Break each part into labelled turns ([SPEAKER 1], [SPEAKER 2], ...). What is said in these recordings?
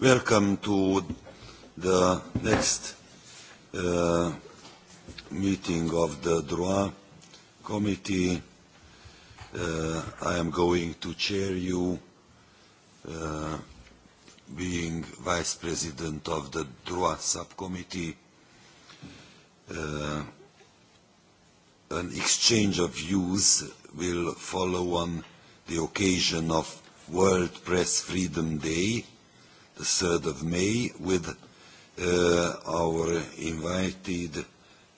[SPEAKER 1] Welcome to the next meeting of the Droit committee. I am going to chair you, being vice president of the Droit subcommittee. An exchange of views will follow on the occasion of World Press Freedom Day the 3rd of May with our invited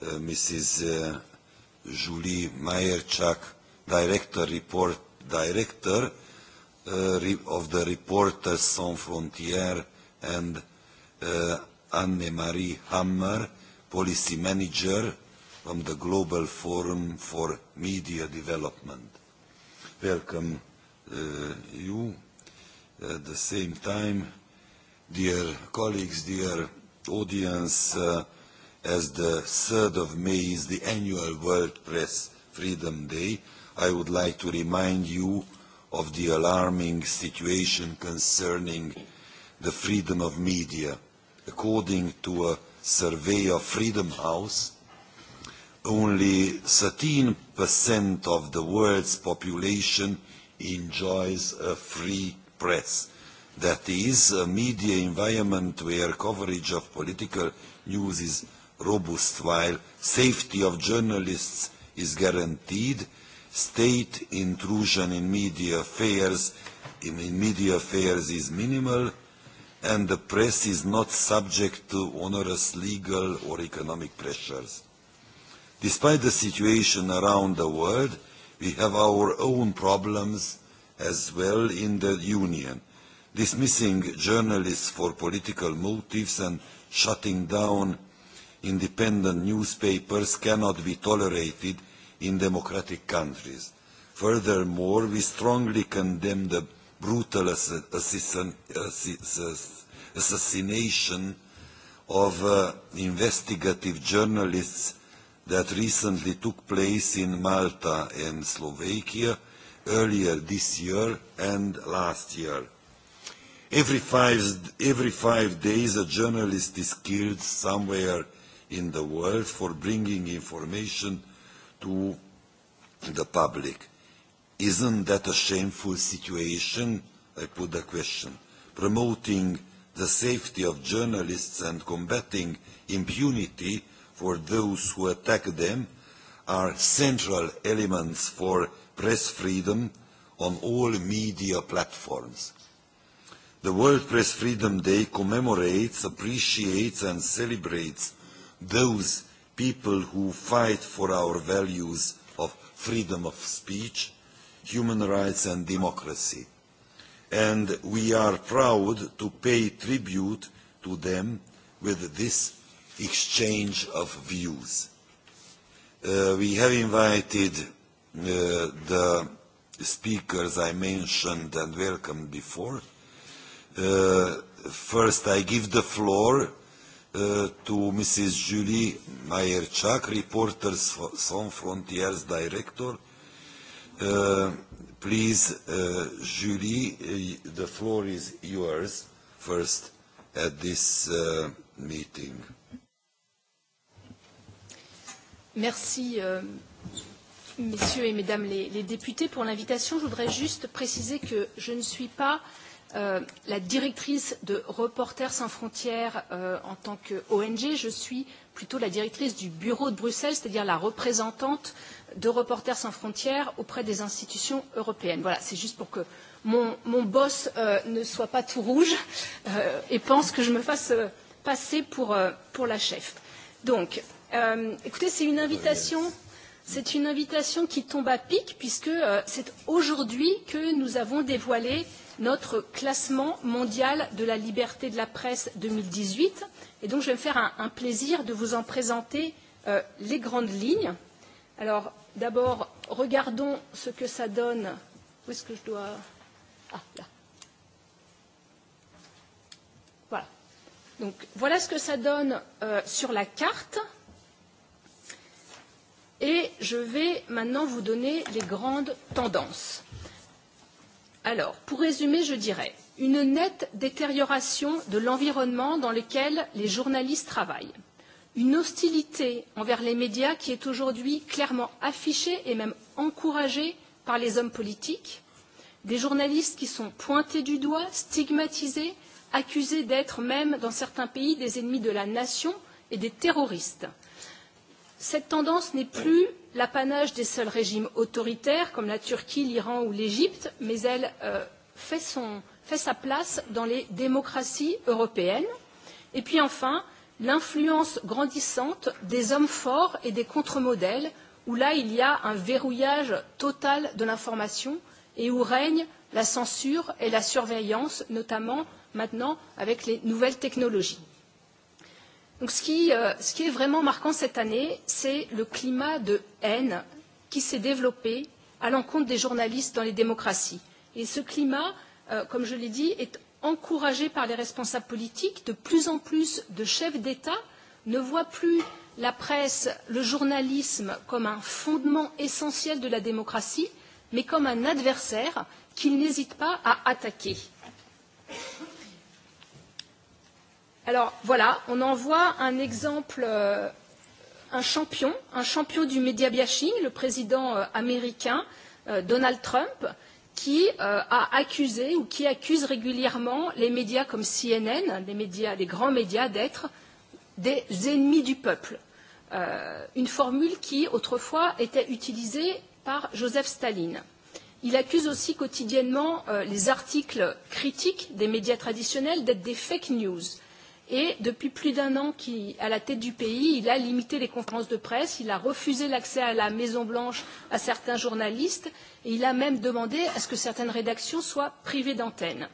[SPEAKER 1] Mrs. Julie Meyerchak, Director Report Director of the Reporters Sans Frontières and Anne-Marie Hammer, Policy Manager from the Global Forum for Media Development. Welcome you. At the same time, dear colleagues, dear audience, as the 3rd of May is the annual World Press Freedom Day, I would like to remind you of the alarming situation concerning the freedom of media. According to a survey of Freedom House, only 13% of the world's population enjoys a free press that is a media environment where coverage of political news is robust while safety of journalists is guaranteed, state intrusion in media affairs in media affairs is minimal and the press is not subject to onerous legal or economic pressures. Despite the situation around the world, we have our own problems as well in the Union dismissing journalists for political motives and shutting down independent newspapers cannot be tolerated in democratic countries. Furthermore, we strongly condemn the brutal assassination of investigative journalists that recently took place in Malta and Slovakia earlier this year and last year. Every five, every five days a journalist is killed somewhere in the world for bringing information to the public. Isn't that a shameful situation? I put the question. Promoting the safety of journalists and combating impunity for those who attack them are central elements for press freedom on all media platforms the World Press Freedom Day commemorates, appreciates and celebrates those people who fight for our values of freedom of speech, human rights and democracy. And we are proud to pay tribute to them with this exchange of views. We have invited the speakers I mentioned and welcomed before First, I give the floor to Mrs. Julie Mayerchak, Reporters Sans Frontiers Director. Please, Julie, the floor is yours first at this meeting.
[SPEAKER 2] Merci, messieurs et mesdames les députés, pour l'invitation. Je voudrais juste préciser que je ne suis pas la directrice de Reporters sans frontières en tant qu'ONG. Je suis plutôt la directrice du bureau de Bruxelles, c'est-à-dire la représentante de Reporters sans frontières auprès des institutions européennes. Voilà, c'est juste pour que mon boss ne soit pas tout rouge et pense que je me fasse passer pour la chef. Donc, écoutez, c'est une invitation. C'est une invitation qui tombe à pic puisque c'est aujourd'hui que nous avons dévoilé notre classement mondial de la liberté de la presse 2018. Et donc, je vais me faire un plaisir de vous en présenter les grandes lignes. Alors, d'abord, regardons ce que ça donne. Où est-ce que je dois. Ah, là. Voilà. Donc, voilà ce que ça donne sur la carte. Et je vais maintenant vous donner les grandes tendances. Alors, pour résumer, je dirais une nette détérioration de l'environnement dans lequel les journalistes travaillent, une hostilité envers les médias qui est aujourd'hui clairement affichée et même encouragée par les hommes politiques, des journalistes qui sont pointés du doigt, stigmatisés, accusés d'être même, dans certains pays, des ennemis de la nation et des terroristes cette tendance n'est plus l'apanage des seuls régimes autoritaires comme la Turquie, l'Iran ou l'Égypte, mais elle fait sa place dans les démocraties européennes. Et puis enfin, l'influence grandissante des hommes forts et des contre-modèles, où là il y a un verrouillage total de l'information et où règne la censure et la surveillance, notamment maintenant avec les nouvelles technologies. Donc ce qui ce qui est vraiment marquant cette année, c'est le climat de haine qui s'est développé à l'encontre des journalistes dans les démocraties. Et ce climat, comme je l'ai dit, est encouragé par les responsables politiques, de plus en plus de chefs d'État ne voient plus la presse, le journalisme comme un fondement essentiel de la démocratie, mais comme un adversaire qu'ils n'hésitent pas à attaquer. Alors voilà, on en voit un exemple, un champion, un champion du média bashing, le président américain Donald Trump, qui a accusé ou qui accuse régulièrement les médias comme CNN, les médias, les grands médias, d'être des ennemis du peuple. Une formule qui, autrefois, était utilisée par Joseph Staline. Il accuse aussi quotidiennement les articles critiques des médias traditionnels d'être des fake news et depuis plus d'un an à la tête du pays il a limité les conférences de presse il a refusé l'accès à la maison blanche à certains journalistes et il a même demandé à ce que certaines rédactions soient privées d'antenne.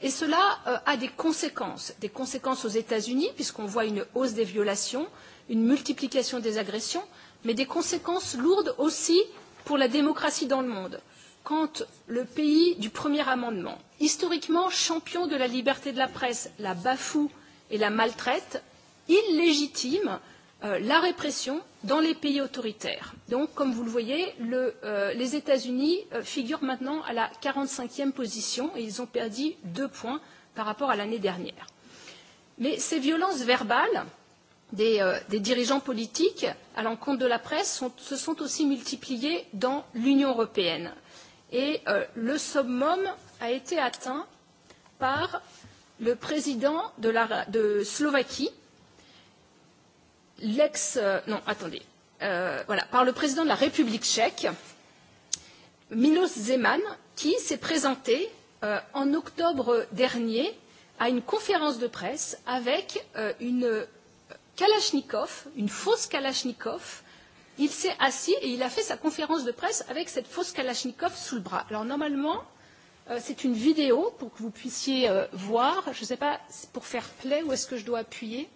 [SPEAKER 2] et cela a des conséquences des conséquences aux états unis puisqu'on voit une hausse des violations une multiplication des agressions mais des conséquences lourdes aussi pour la démocratie dans le monde quand le pays du premier amendement historiquement champion de la liberté de la presse la bafoue et la maltraite, illégitime la répression dans les pays autoritaires. Donc, comme vous le voyez, les États-Unis figurent maintenant à la 45e position et ils ont perdu deux points par rapport à l'année dernière. Mais ces violences verbales des dirigeants politiques à l'encontre de la presse se sont aussi multipliées dans l'Union européenne. Et le summum a été atteint par le président de de Slovaquie, l'ex. Non, attendez. Voilà, par le président de la République tchèque, Milos Zeman, qui s'est présenté en octobre dernier à une conférence de presse avec une Kalachnikov, une fausse Kalachnikov. Il s'est assis et il a fait sa conférence de presse avec cette fausse Kalachnikov sous le bras. Alors normalement, c'est une vidéo pour que vous puissiez voir. Je ne sais pas pour faire play où est-ce que je dois appuyer.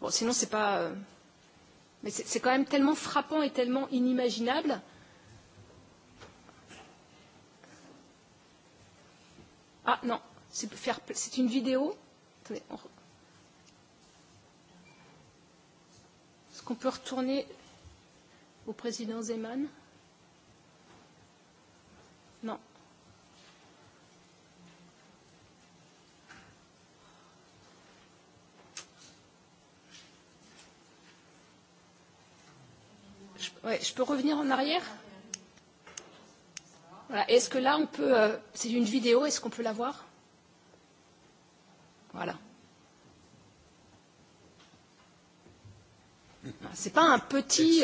[SPEAKER 2] Bon, sinon, c'est pas. Mais c'est quand même tellement frappant et tellement inimaginable. Ah non, c'est une vidéo. Est-ce qu'on peut retourner au président Zeman Non. Ouais, je peux revenir en arrière Voilà. Est-ce que là, on peut... c'est une vidéo, est-ce qu'on peut la voir Voilà. Ce n'est pas un petit.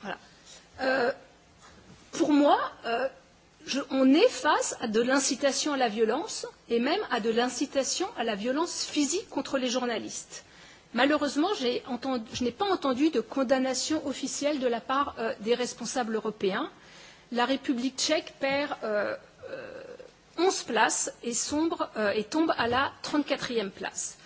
[SPEAKER 2] Voilà. Pour moi, on est face à de l'incitation à la violence et même à de l'incitation à la violence physique contre les journalistes. Malheureusement, je n'ai pas entendu de condamnation officielle de la part des responsables européens. La République tchèque perd 11 places et sombre et tombe à la 34e place.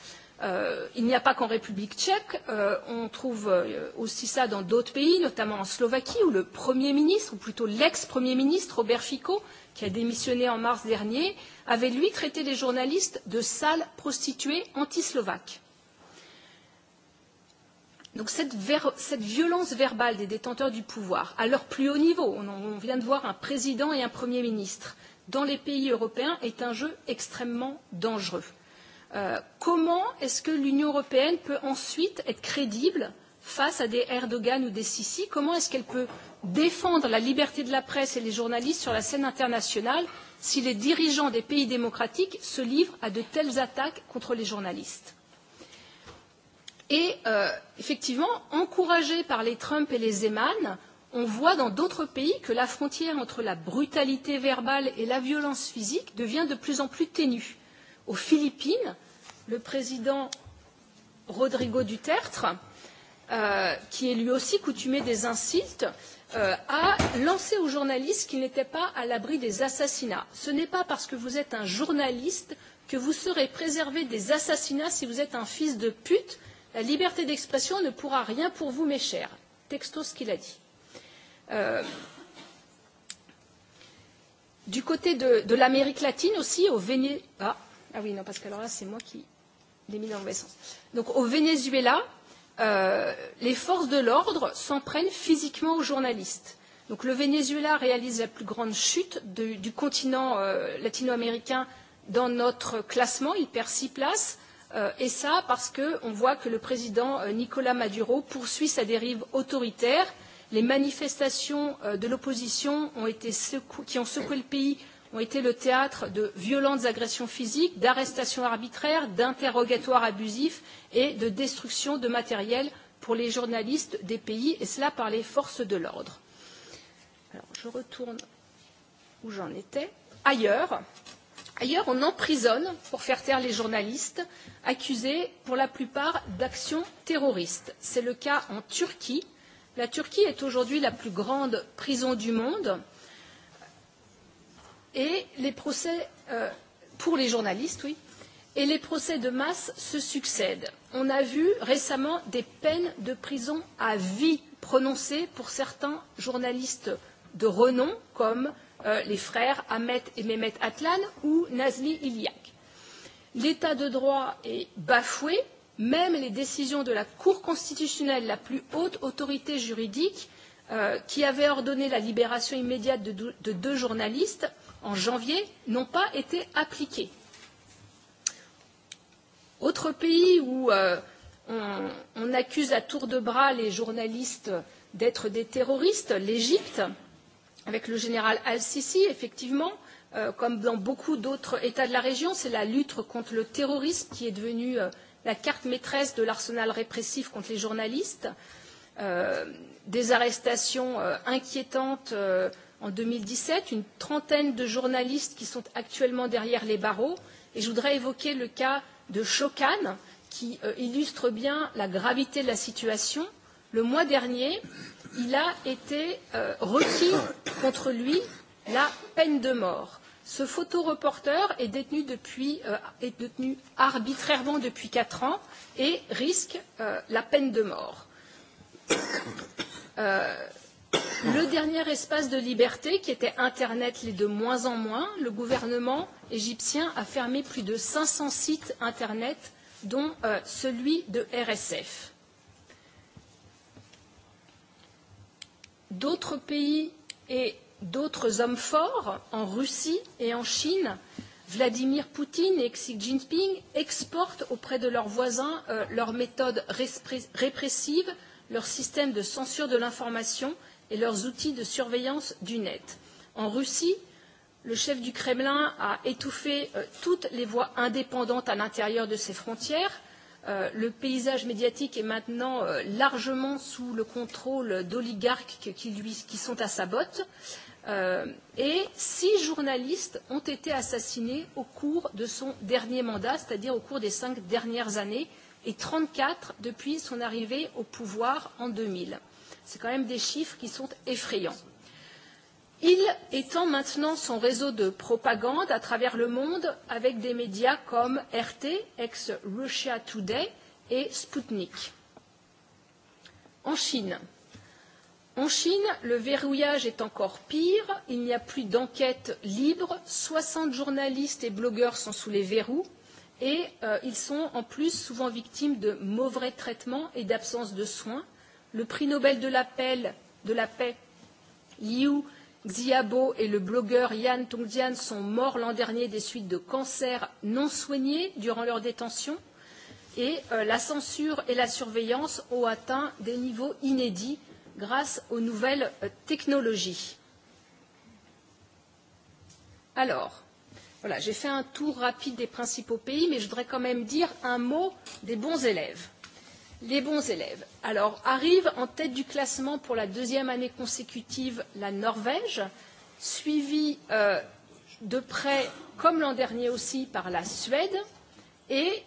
[SPEAKER 2] Il n'y a pas qu'en République tchèque, on trouve aussi ça dans d'autres pays, notamment en Slovaquie, où le Premier ministre, ou plutôt l'ex-Premier ministre, Robert Fico, qui a démissionné en mars dernier, avait lui traité les journalistes de sales prostituées anti-slovaques. Donc cette violence verbale des détenteurs du pouvoir, à leur plus haut niveau, on vient de voir un président et un Premier ministre, dans les pays européens est un jeu extrêmement dangereux. Comment est-ce que l'Union européenne peut ensuite être crédible face à des Erdogan ou des Sisi Comment est-ce qu'elle peut défendre la liberté de la presse et les journalistes sur la scène internationale si les dirigeants des pays démocratiques se livrent à de telles attaques contre les journalistes Et effectivement, encouragés par les Trump et les Eman on voit dans d'autres pays que la frontière entre la brutalité verbale et la violence physique devient de plus en plus ténue. Aux Philippines, le président Rodrigo Duterte, qui est lui aussi coutumé des insultes, a lancé aux journalistes qu'il n'était pas à l'abri des assassinats. Ce n'est pas parce que vous êtes un journaliste que vous serez préservé des assassinats si vous êtes un fils de pute. La liberté d'expression ne pourra rien pour vous, mes chers. Texto ce qu'il a dit Du côté de l'Amérique latine aussi, au Venezuela. Ah oui, non, parce que alors là, c'est moi qui l'ai mis dans le mauvais sens. Donc au Venezuela, les forces de l'ordre s'en prennent physiquement aux journalistes. Donc le Venezuela réalise la plus grande chute du continent latino-américain dans notre classement. Il perd six places. Et ça parce qu'on voit que le président Nicolas Maduro poursuit sa dérive autoritaire Les manifestations de l'opposition qui ont secoué le pays ont été le théâtre de violentes agressions physiques, d'arrestations arbitraires, d'interrogatoires abusifs et de destruction de matériel pour les journalistes des pays, et cela par les forces de l'ordre. je retourne où j'en étais. Ailleurs, ailleurs, on emprisonne pour faire taire les journalistes accusés pour la plupart d'actions terroristes. C'est le cas en Turquie La Turquie est aujourd'hui la plus grande prison du monde et les procès pour les journalistes, oui, et les procès de masse se succèdent. On a vu récemment des peines de prison à vie prononcées pour certains journalistes de renom, comme les frères Ahmet et Mehmet Atlan ou Nazli Iliak. L'état de droit est bafoué même les décisions de la Cour constitutionnelle, la plus haute autorité juridique, qui avait ordonné la libération immédiate de deux journalistes en janvier, n'ont pas été appliquées. Autre pays où on accuse à tour de bras les journalistes d'être des terroristes, l'Égypte, avec le général Al-Sisi, effectivement, comme dans beaucoup d'autres États de la région, c'est la lutte contre le terrorisme qui est devenue la carte maîtresse de l'arsenal répressif contre les journalistes, des arrestations inquiétantes en 2017, une trentaine de journalistes qui sont actuellement derrière les barreaux. Et je voudrais évoquer le cas de Shokan, qui illustre bien la gravité de la situation. Le mois dernier, il a été requis contre lui la peine de mort. Ce photoreporter est détenu depuis est détenu arbitrairement depuis quatre ans et risque la peine de mort. Le dernier espace de liberté, qui était Internet, les de moins en moins. Le gouvernement égyptien a fermé plus de 500 sites Internet, dont celui de RSF. D'autres pays et d'autres hommes forts en Russie et en Chine, Vladimir Poutine et Xi Jinping, exportent auprès de leurs voisins leurs méthodes répressives, leurs systèmes de censure de l'information et leurs outils de surveillance du net. En Russie, le chef du Kremlin a étouffé toutes les voies indépendantes à l'intérieur de ses frontières. Le paysage médiatique est maintenant largement sous le contrôle d'oligarques qui sont à sa botte et six journalistes ont été assassinés au cours de son dernier mandat, c'est-à-dire au cours des cinq dernières années, et 34 depuis son arrivée au pouvoir en 2000. C'est quand même des chiffres qui sont effrayants. Il étend maintenant son réseau de propagande à travers le monde avec des médias comme RT, ex-Russia Today, et Sputnik. En Chine, En Chine, le verrouillage est encore pire, il n'y a plus d'enquête libre, 60 journalistes et blogueurs sont sous les verrous et ils sont en plus souvent victimes de mauvais traitements et d'absence de soins. Le prix Nobel de la paix, Liu Xiaobo et le blogueur Yan Tongjian sont morts l'an dernier des suites de cancers non soignés durant leur détention et la censure et la surveillance ont atteint des niveaux inédits grâce aux nouvelles technologies. Alors, voilà, j'ai fait un tour rapide des principaux pays, mais je voudrais quand même dire un mot des bons élèves. Les bons élèves. Alors, arrive en tête du classement pour la deuxième année consécutive la Norvège, suivie de près, comme l'an dernier aussi, par la Suède, et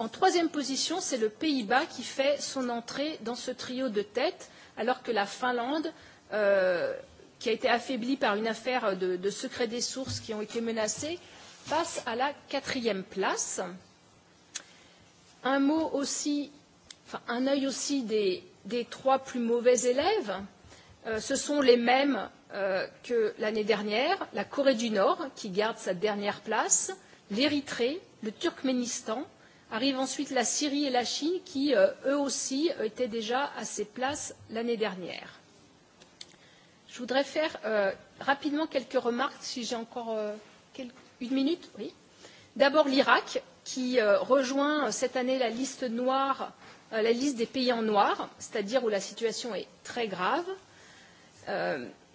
[SPEAKER 2] En troisième position, c'est le Pays-Bas qui fait son entrée dans ce trio de tête, alors que la Finlande, qui a été affaiblie par une affaire de secret des sources qui ont été menacées, passe à la quatrième place. Un mot aussi, enfin un œil aussi des trois plus mauvais élèves. Ce sont les mêmes que l'année dernière, la Corée du Nord, qui garde sa dernière place, l'Érythrée, le Turkménistan Arrive ensuite la Syrie et la Chine qui, eux aussi, étaient déjà à ces places l'année dernière. Je voudrais faire rapidement quelques remarques, si j'ai encore une minute. oui D'abord l'Irak, qui rejoint cette année la liste noire, la liste des pays en noir, c'est-à-dire où la situation est très grave.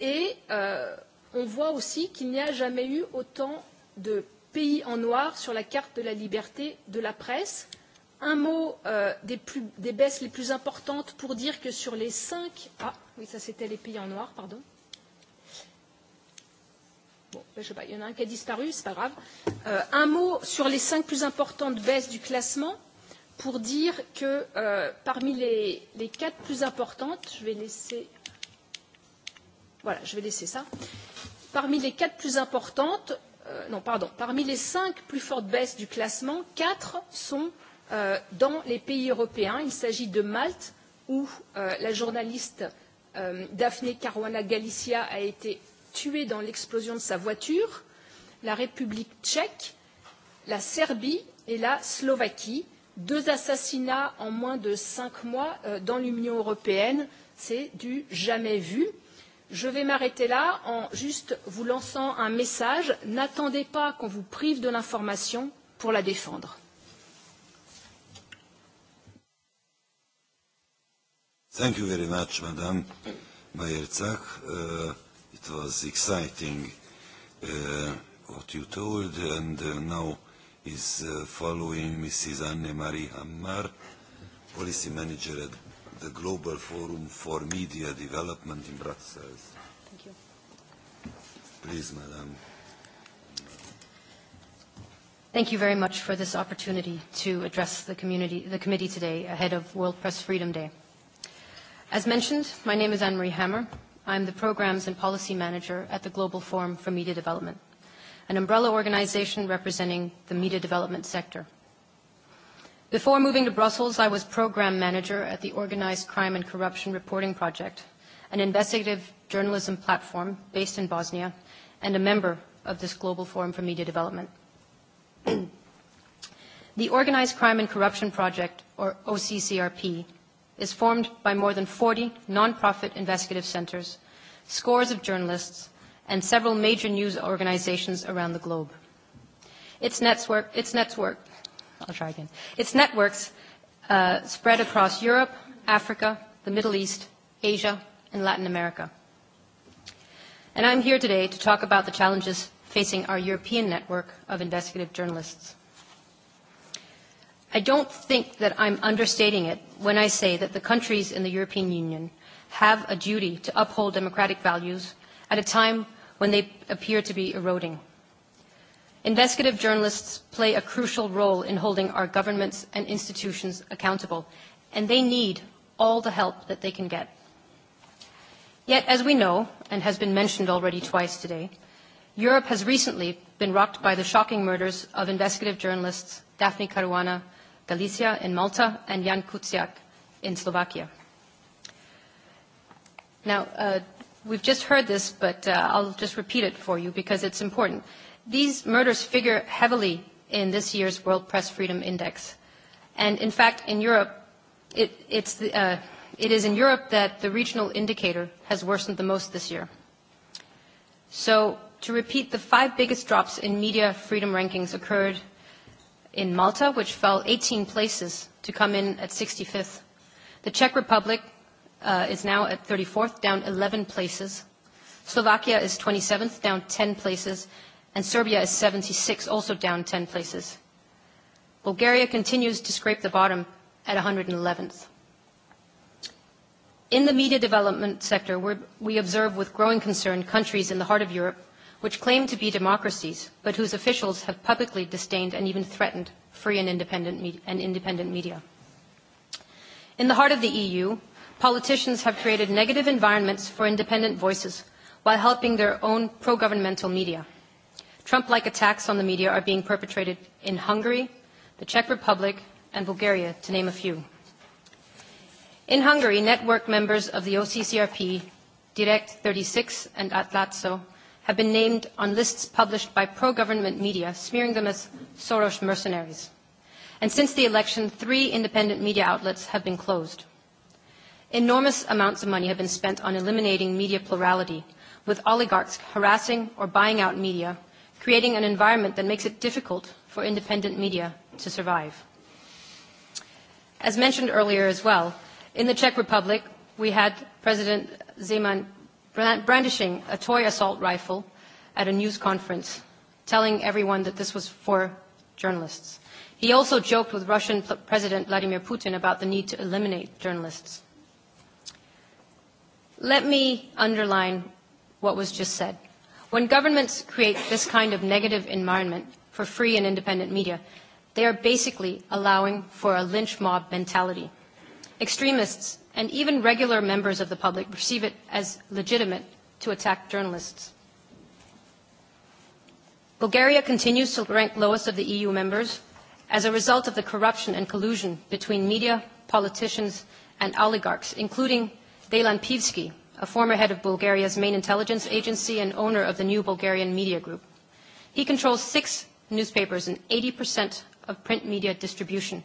[SPEAKER 2] Et on voit aussi qu'il n'y a jamais eu autant de pays en noir sur la carte de la liberté de la presse. Un mot des baisses les plus importantes pour dire que sur les cinq... Ah, oui, ça c'était les pays en noir, pardon. Bon, je sais pas, il y en a un qui a disparu, c'est pas grave. Un mot sur les cinq plus importantes baisses du classement pour dire que parmi les quatre plus importantes, je vais laisser... Voilà, je vais laisser ça. Parmi les quatre plus importantes, non pardon parmi les cinq plus fortes baisses du classement quatre sont dans les pays européens il s'agit de malte où la journaliste daphne caruana Galicia a été tuée dans l'explosion de sa voiture la république tchèque la serbie et la slovaquie deux assassinats en moins de cinq mois dans l'union européenne c'est du jamais vu. Je vais m'arrêter là en juste vous lançant un message. N'attendez pas qu'on vous prive de l'information pour la défendre.
[SPEAKER 1] Thank you very much, Madam Uh, It was exciting what you told, and now is following Mrs. Anne-Marie Hammar, Policy Manager at the Global Forum for Media Development in Brussels. Thank you. Please, Madam.
[SPEAKER 3] Thank you very much for this opportunity to address the community, the committee today ahead of World Press Freedom Day. As mentioned, my name is Anne-Marie Hammer. I'm the Programs and Policy Manager at the Global Forum for Media Development, an umbrella organization representing the media development sector. Before moving to Brussels, I was program manager at the Organized Crime and Corruption Reporting Project, an investigative journalism platform based in Bosnia, and a member of this Global Forum for Media Development. The Organized Crime and Corruption Project, or OCCRP, is formed by more than 40 non-profit investigative centers, scores of journalists, and several major news organizations around the globe. Its network I'll try again. Its networks spread across Europe, Africa, the Middle East, Asia, and Latin America. And I'm here today to talk about the challenges facing our European network of investigative journalists. I don't think that I'm understating it when I say that the countries in the European Union have a duty to uphold democratic values at a time when they appear to be eroding. Investigative journalists play a crucial role in holding our governments and institutions accountable, and they need all the help that they can get. Yet, as we know, and has been mentioned already twice today, Europe has recently been rocked by the shocking murders of investigative journalists Daphne Caruana Galicia in Malta and Jan Kuciak in Slovakia. Now, we've just heard this, but I'll just repeat it for you because it's important. These murders figure heavily in this year's World Press Freedom Index. And in fact, in Europe, it is in Europe that the regional indicator has worsened the most this year. So to repeat, the five biggest drops in media freedom rankings occurred in Malta, which fell 18 places to come in at 65th. The Czech Republic is now at 34th, down 11 places. Slovakia is 27th, down 10 places and Serbia is 76, also down 10 places. Bulgaria continues to scrape the bottom at 111th. In the media development sector, we observe with growing concern countries in the heart of Europe which claim to be democracies, but whose officials have publicly disdained and even threatened free and independent media. In the heart of the EU, politicians have created negative environments for independent voices while helping their own pro-governmental media. Trump-like attacks on the media are being perpetrated in Hungary, the Czech Republic, and Bulgaria, to name a few. In Hungary, network members of the OCCRP, Direct 36 and Atlazzo, have been named on lists published by pro-government media, smearing them as Soros mercenaries. And since the election, three independent media outlets have been closed. Enormous amounts of money have been spent on eliminating media plurality, with oligarchs harassing or buying out media creating an environment that makes it difficult for independent media to survive. As mentioned earlier as well, in the Czech Republic, we had President Zeman brandishing a toy assault rifle at a news conference, telling everyone that this was for journalists. He also joked with Russian President Vladimir Putin about the need to eliminate journalists. Let me underline what was just said. When governments create this kind of negative environment for free and independent media, they are basically allowing for a lynch mob mentality. Extremists and even regular members of the public perceive it as legitimate to attack journalists. Bulgaria continues to rank lowest of the EU members as a result of the corruption and collusion between media, politicians, and oligarchs, including Delan Pivski a former head of Bulgaria's main intelligence agency and owner of the new Bulgarian Media Group. He controls six newspapers and 80% of print media distribution.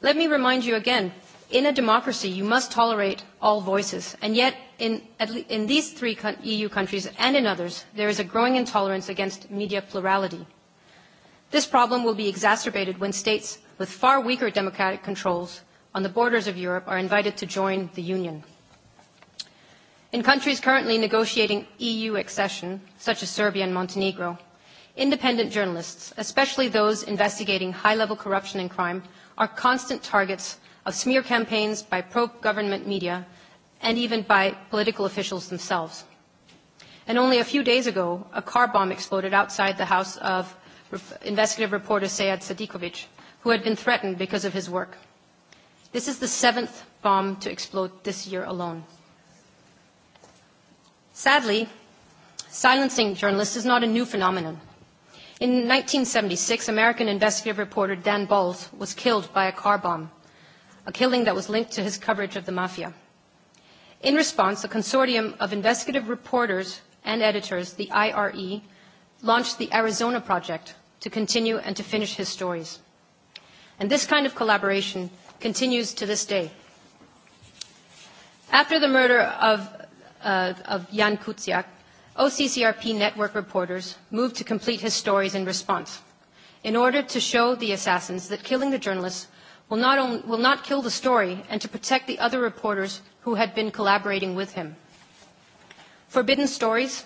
[SPEAKER 3] Let me remind you again, in a democracy you must tolerate all voices, and yet in these three EU countries and in others there is a growing intolerance against media plurality. This problem will be exacerbated when states with far weaker democratic controls on the borders of Europe are invited to join the Union. In countries currently negotiating EU accession, such as Serbia and Montenegro, independent journalists, especially those investigating high-level corruption and crime, are constant targets of smear campaigns by pro-government media and even by political officials themselves. And only a few days ago, a car bomb exploded outside the house of investigative reporter Seyad Sadikovic, who had been threatened because of his work. This is the seventh bomb to explode this year alone. Sadly, silencing journalists is not a new phenomenon. In 1976, American investigative reporter Dan Balls was killed by a car bomb, a killing that was linked to his coverage of the mafia. In response, a consortium of investigative reporters and editors, the IRE, launched the Arizona Project to continue and to finish his stories. And this kind of collaboration continues to this day. After the murder of of Jan Kuciak, OCCRP network reporters moved to complete his stories in response, in order to show the assassins that killing the journalists will not kill the story and to protect the other reporters who had been collaborating with him. Forbidden Stories,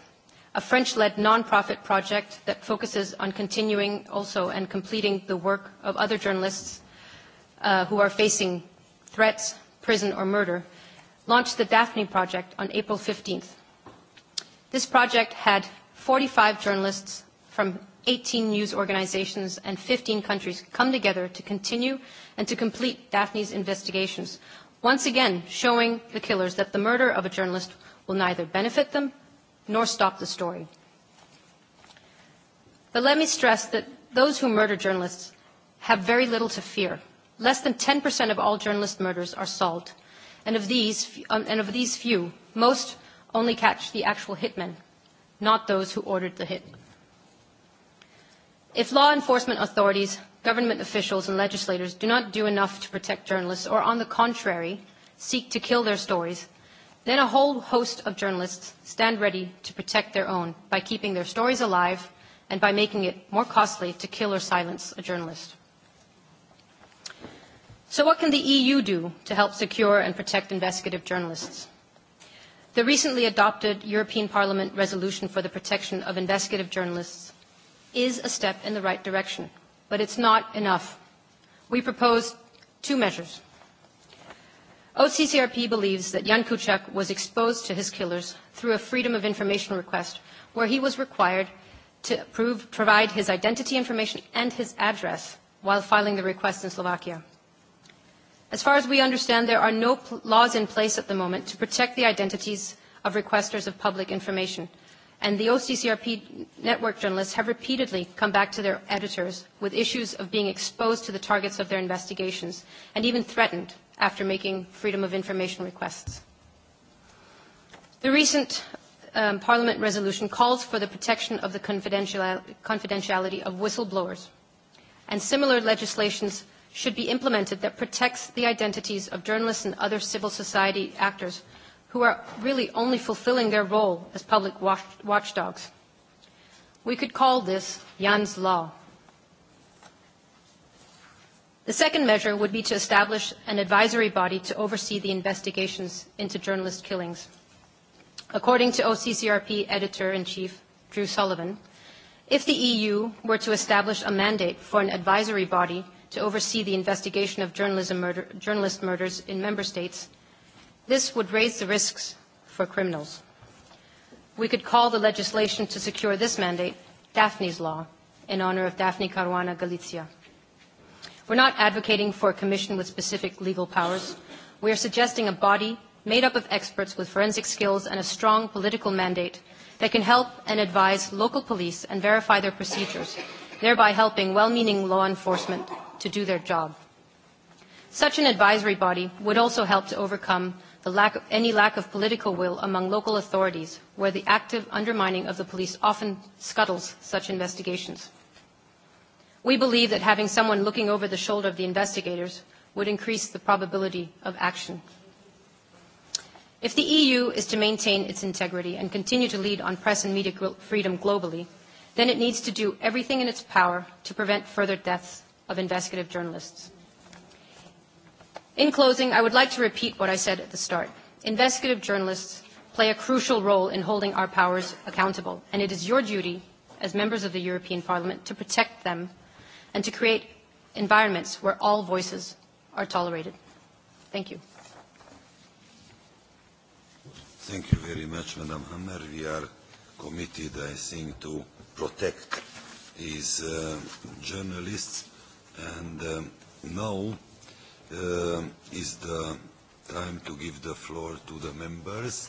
[SPEAKER 3] a French-led non-profit project that focuses on continuing also and completing the work of other journalists who are facing threats, prison, or murder, launched the Daphne Project on April 15th. This project had 45 journalists from 18 news organizations and 15 countries come together to continue and to complete Daphne's investigations, once again showing the killers that the murder of a journalist will neither benefit them nor stop the story. But let me stress that those who murder journalists have very little to fear. Less than 10% of all journalist murders are solved and of these few, most only catch the actual hitmen, not those who ordered the hit. If law enforcement authorities, government officials and legislators do not do enough to protect journalists or, on the contrary, seek to kill their stories, then a whole host of journalists stand ready to protect their own by keeping their stories alive and by making it more costly to kill or silence a journalist. So what can the EU do to help secure and protect investigative journalists? The recently adopted European Parliament resolution for the protection of investigative journalists is a step in the right direction, but it's not enough. We propose two measures. OCCRP believes that Jan Kuciak was exposed to his killers through a freedom of information request where he was required to provide his identity information and his address while filing the request in Slovakia. As far as we understand, there are no laws in place at the moment to protect the identities of requesters of public information, and the OCCRP network journalists have repeatedly come back to their editors with issues of being exposed to the targets of their investigations and even threatened after making freedom of information requests. The recent Parliament resolution calls for the protection of the confidentiality of whistleblowers, and similar legislations should be implemented that protects the identities of journalists and other civil society actors who are really only fulfilling their role as public watchdogs. We could call this Jan's Law. The second measure would be to establish an advisory body to oversee the investigations into journalist killings. According to OCCRP Editor-in-Chief Drew Sullivan, if the EU were to establish a mandate for an advisory body to oversee the investigation of journalist murders in member states, this would raise the risks for criminals. We could call the legislation to secure this mandate Daphne's Law, in honor of Daphne Caruana Galizia. We're not advocating for a commission with specific legal powers. We are suggesting a body made up of experts with forensic skills and a strong political mandate that can help and advise local police and verify their procedures, thereby helping well-meaning law enforcement to do their job. Such an advisory body would also help to overcome any lack of political will among local authorities, where the active undermining of the police often scuttles such investigations. We believe that having someone looking over the shoulder of the investigators would increase the probability of action. If the EU is to maintain its integrity and continue to lead on press and media freedom globally, then it needs to do everything in its power to prevent further deaths of investigative journalists. In closing, I would like to repeat what I said at the start. Investigative journalists play a crucial role in holding our powers accountable, and it is your duty as members of the European Parliament to protect them and to create environments where all voices are tolerated. Thank you.
[SPEAKER 1] Thank you very much, Madam Hammer. We are committed, I think, to protect these journalists And now is the time to give the floor to the members,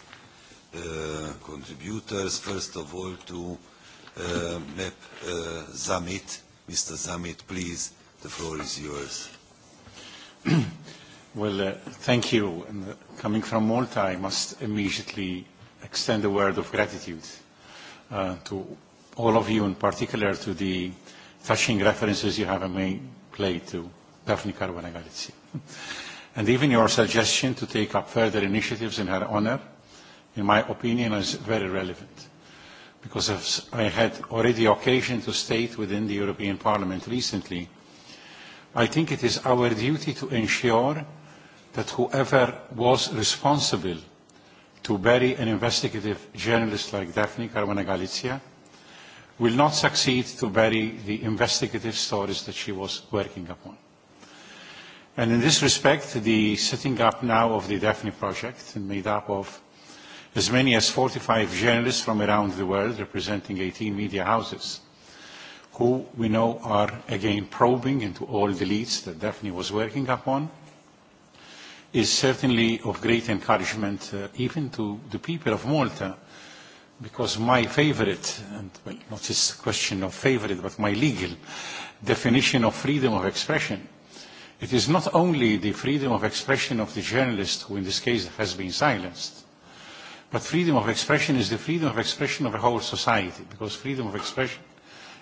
[SPEAKER 1] contributors. First of all, to MEP
[SPEAKER 4] Zamit. Mr. Zamit, please, the floor is yours. Well, thank you. And coming from Malta, I must immediately extend a word of gratitude to all of you, in particular to the touching references you have made play to Daphne Caruana Galizia. And even your suggestion to take up further initiatives in her honor, in my opinion, is very relevant. Because as I had already occasion to state within the European Parliament recently, I think it is our duty to ensure that whoever was responsible to bury an investigative journalist like Daphne Caruana Galizia will not succeed to bury the investigative stories that she was working upon. And in this respect, the setting up now of the Daphne Project, made up of as many as 45 journalists from around the world representing 18 media houses, who we know are again probing into all the leads that Daphne was working upon, is certainly of great encouragement even to the people of Malta because my favorite, and well, not just a question of favorite, but my legal definition of freedom of expression, it is not only the freedom of expression of the journalist who in this case has been silenced, but freedom of expression is the freedom of expression of a whole society, because freedom of expression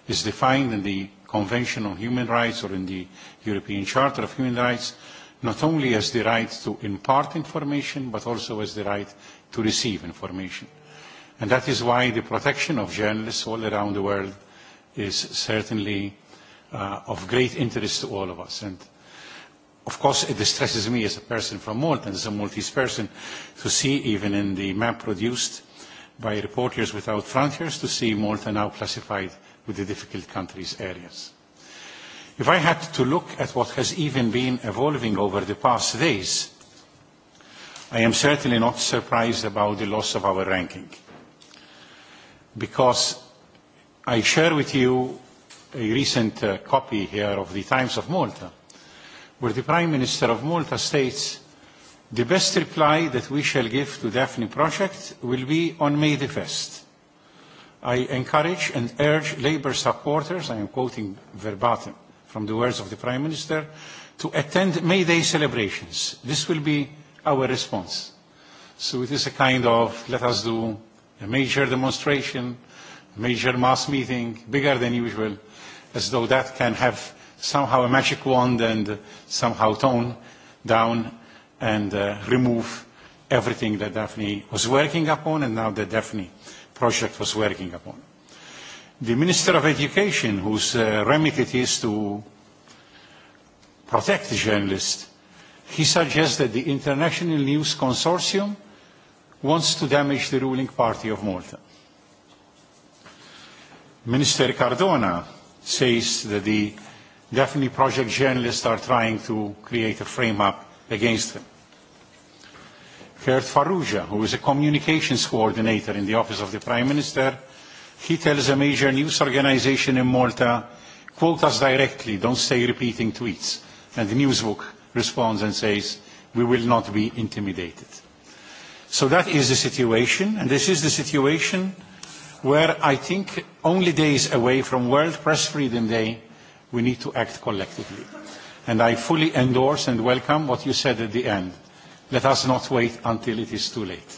[SPEAKER 4] is defined in the Convention on Human Rights or in the European Charter of Human Rights, not only as the right to impart information, but also as the right to receive information. And that is why the protection of journalists all around the world is certainly of great interest to all of us. And of course it distresses me as a person from Malta, as a Maltese person, to see even in the map produced by Reporters Without Frontiers, to see Malta now classified with the difficult countries areas. If I had to look at what has even been evolving over the past days, I am certainly not surprised about the loss of our ranking because I share with you a recent copy here of the Times of Malta, where the Prime Minister of Malta states, the best reply that we shall give to Daphne project will be on May the 1st. I encourage and urge Labour supporters, I am quoting verbatim from the words of the Prime Minister, to attend May Day celebrations. This will be our response. So it is a kind of let us do a major demonstration, major mass meeting, bigger than usual, as though that can have somehow a magic wand and somehow tone down and remove everything that Daphne was working upon and now the Daphne project was working upon. The Minister of Education, whose remit it is to protect the journalists, he suggests that the International News Consortium wants to damage the ruling party of Malta. Minister Cardona says that the Daphne Project journalists are trying to create a frame-up against him. Kurt Farrugia, who is a communications coordinator in the office of the Prime Minister, he tells a major news organization in Malta, quote us directly, don't stay repeating tweets. And the newsbook responds and says, we will not be intimidated. So that is the situation, and this is the situation where I think only days away from World Press Freedom Day, we need to act collectively. And I fully endorse and welcome what you said at the end. Let us not wait until it is too late.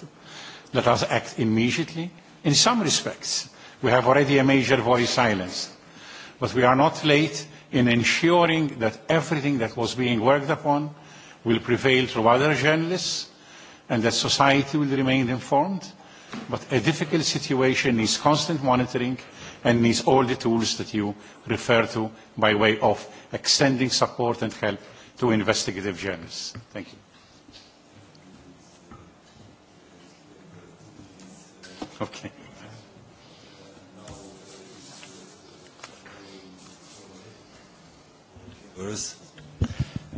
[SPEAKER 4] Let us act immediately. In some respects, we have already a major voice silenced. But we are not late in ensuring that everything that was being worked upon will prevail through other journalists, and that society will remain informed. But a difficult situation needs constant monitoring and needs all the tools that you refer to by way of extending support and help to investigative journalists. Thank you. Okay.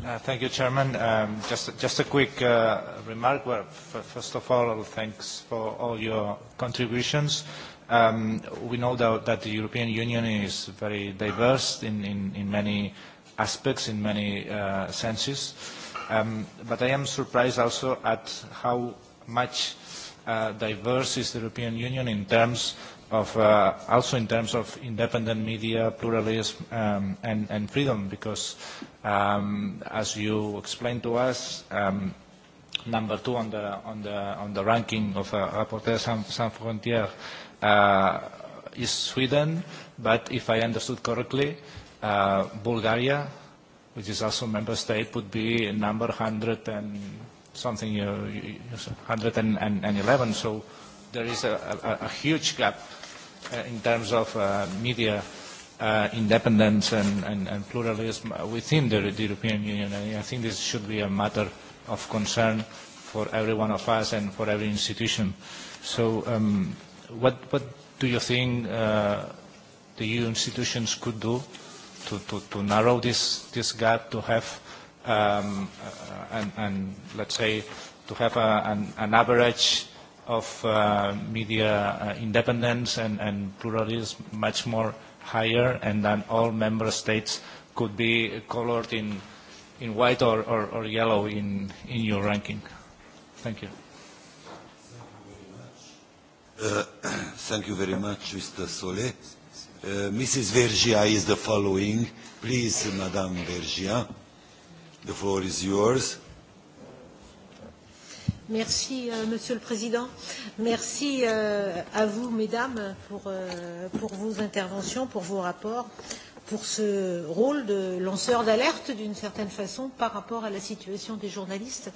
[SPEAKER 5] Thank you, Chairman. Just a quick remark. First of all, thanks for all your contributions. We know that the European Union is very diverse in many aspects, in many senses. But I am surprised also at how much diverse is the European Union in terms of also in terms of independent media, pluralism and freedom, because As you explained to us, number two on the on the on the ranking of rapporteur Sans frontier is Sweden, but if I understood correctly, Bulgaria, which is also a member state, would be number 100 and something, 111. So there is a huge gap in terms of media independence and pluralism within the European Union. I think this should be a matter of concern for every one of us and for every institution. So what do you think the EU institutions could do to narrow this gap, to have, and let's say, to have an average of media independence and pluralism much more higher and then all member states could be colored in in white or or yellow in in your ranking. Thank you.
[SPEAKER 1] Thank you very much, Mr. Solé. Mrs. Vergia is the following. Please, Madame Vergia, the floor is yours.
[SPEAKER 6] Merci, Monsieur le Président. Merci à vous, Mesdames, pour vos interventions, pour vos rapports, pour ce rôle de lanceur d'alerte, d'une certaine façon, par rapport à la situation des journalistes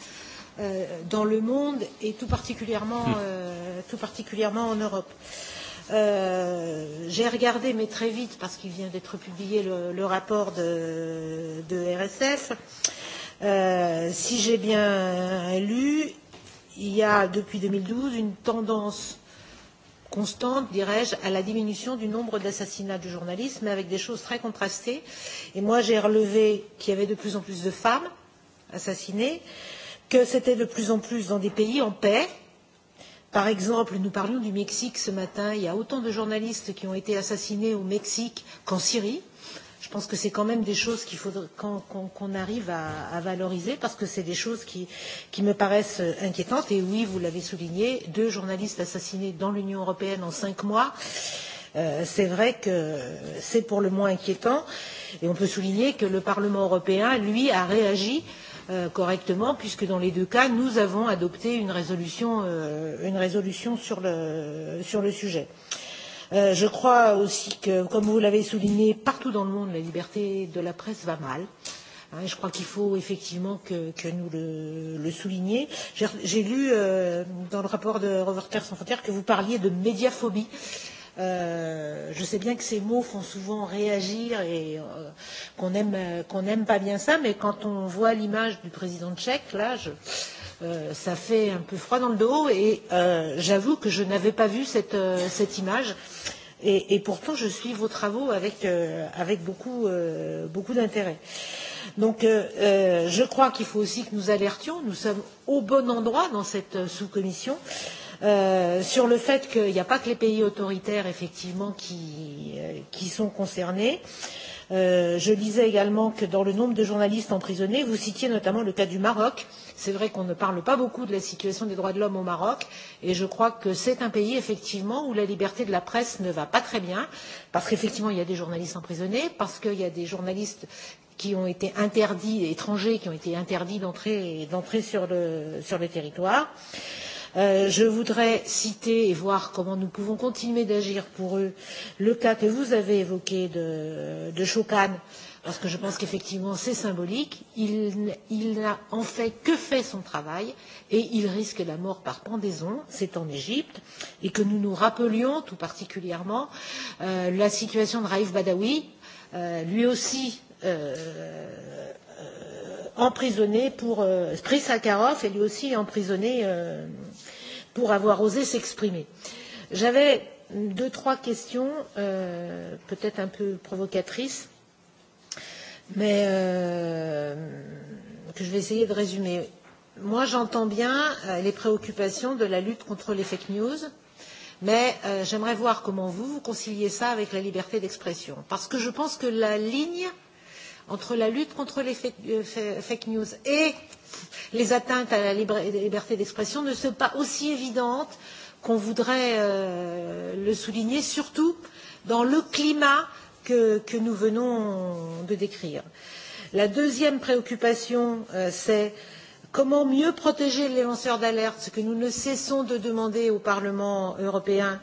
[SPEAKER 6] dans le monde et tout particulièrement en Europe. J'ai regardé, mais très vite, parce qu'il vient d'être publié le rapport de RSF. Si j'ai bien lu, il y a depuis 2012 une tendance constante, dirais-je, à la diminution du nombre d'assassinats de journalistes, mais avec des choses très contrastées. Et moi, j'ai relevé qu'il y avait de plus en plus de femmes assassinées, que c'était de plus en plus dans des pays en paix. Par exemple, nous parlions du Mexique ce matin, il y a autant de journalistes qui ont été assassinés au Mexique qu'en Syrie je pense que c'est quand même des choses qu'il faudrait qu'on arrive à valoriser parce que c'est des choses qui me paraissent inquiétantes. Et oui, vous l'avez souligné, deux journalistes assassinés dans l'Union européenne en cinq mois, c'est vrai que c'est pour le moins inquiétant. Et on peut souligner que le Parlement européen, lui, a réagi correctement puisque dans les deux cas nous avons adopté une résolution sur le sujet. Je crois aussi que, comme vous l'avez souligné, partout dans le monde, la liberté de la presse va mal. Je crois qu'il faut effectivement que nous le soulignions. J'ai lu dans le rapport de Reporters sans frontières que vous parliez de médiaphobie. Je sais bien que ces mots font souvent réagir et qu'on n'aime pas bien ça, mais quand on voit l'image du président tchèque, là, je ça fait un peu froid dans le dos et j'avoue que je n'avais pas vu cette cette image et et pourtant je suis vos travaux avec avec beaucoup beaucoup d'intérêt. Donc je crois qu'il faut aussi que nous alertions, nous sommes au bon endroit dans cette sous-commission sur le fait qu'il n'y a pas que les pays autoritaires effectivement qui qui sont concernés. Je disais également que dans le nombre de journalistes emprisonnés, vous citiez notamment le cas du Maroc C'est vrai qu'on ne parle pas beaucoup de la situation des droits de l'homme au Maroc et je crois que c'est un pays effectivement où la liberté de la presse ne va pas très bien parce qu'effectivement il y a des journalistes emprisonnés, parce qu'il y a des journalistes qui ont été interdits, étrangers qui ont été interdits d'entrer sur le territoire. Je voudrais citer et voir comment nous pouvons continuer d'agir pour eux le cas que vous avez évoqué de Shokan parce que je pense qu'effectivement c'est symbolique, il n'a en fait que fait son travail et il risque la mort par pendaison, c'est en Égypte, et que nous nous rappelions tout particulièrement la situation de Raif Badawi, lui aussi emprisonné pour prix Sakharov et lui aussi emprisonné pour avoir osé s'exprimer. J'avais deux, trois questions, peut-être un peu provocatrices mais que je vais essayer de résumer. Moi, j'entends bien les préoccupations de la lutte contre les fake news, mais j'aimerais voir comment vous, vous conciliez ça avec la liberté d'expression. Parce que je pense que la ligne entre la lutte contre les fake news et les atteintes à la liberté d'expression ne sont pas aussi évidente qu'on voudrait le souligner, surtout dans le climat que nous venons de décrire. La deuxième préoccupation, c'est comment mieux protéger les lanceurs d'alerte, ce que nous ne cessons de demander au Parlement européen,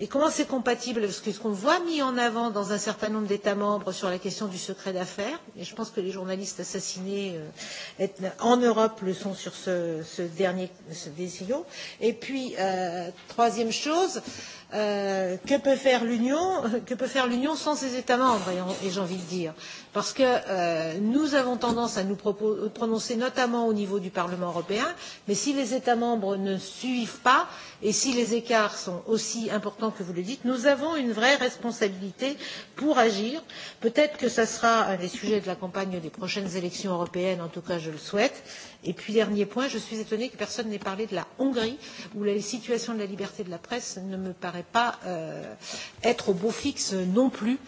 [SPEAKER 6] et comment c'est compatible avec ce qu'on voit mis en avant dans un certain nombre d'États membres sur la question du secret d'affaires, et je pense que les journalistes assassinés en Europe le sont sur ce dernier décision. Et puis, troisième chose, que peut faire l'Union que peut faire l'Union sans ses États membres, et j'ai envie de dire. Parce que nous avons tendance à nous prononcer notamment au niveau du Parlement européen, mais si les États membres ne suivent pas et si les écarts sont aussi importants que vous le dites, nous avons une vraie responsabilité pour agir. Peut-être que ce sera un des sujets de la campagne des prochaines élections européennes, en tout cas je le souhaite Et puis, dernier point, je suis étonnée que personne n'ait parlé de la Hongrie, où la situation de la liberté de la presse ne me paraît pas être au beau fixe non plus.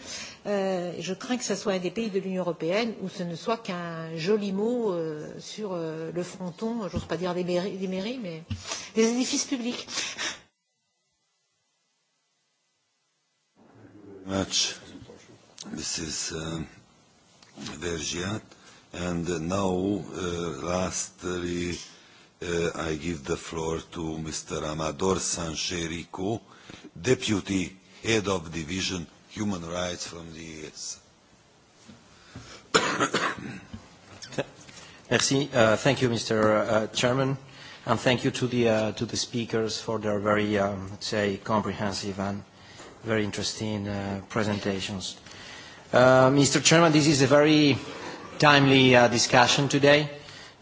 [SPEAKER 6] Je crains que ce soit un des pays de l'Union européenne où ce ne soit qu'un joli mot sur le fronton, j'ose pas dire des mairies, mais des édifices publics.
[SPEAKER 1] And now, lastly, I give the floor to Mr. Amador Sancherico, Deputy Head of Division Human Rights from the
[SPEAKER 7] ES. Merci. Thank you, Mr. Chairman, and thank you to the to the speakers for their very, let's say, comprehensive and very interesting presentations. Mr. Chairman, this is a very timely uh, discussion today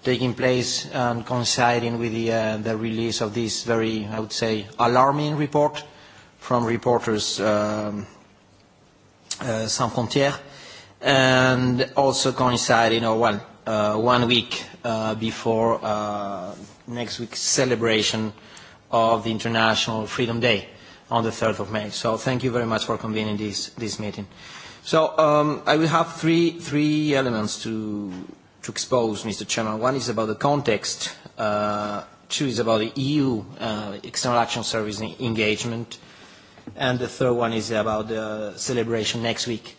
[SPEAKER 7] taking place and coinciding with the, uh, the release of this very, I would say, alarming report from reporters um, uh, Sans Frontières and also coinciding, or well, uh, one week uh, before uh, next week's celebration of the International Freedom Day on the 3rd of May. So thank you very much for convening this, this meeting. So I will have three, three elements to, to expose, Mr. Chairman. One is about the context. two is about the EU External Action Service engagement. And the third one is about the celebration next week.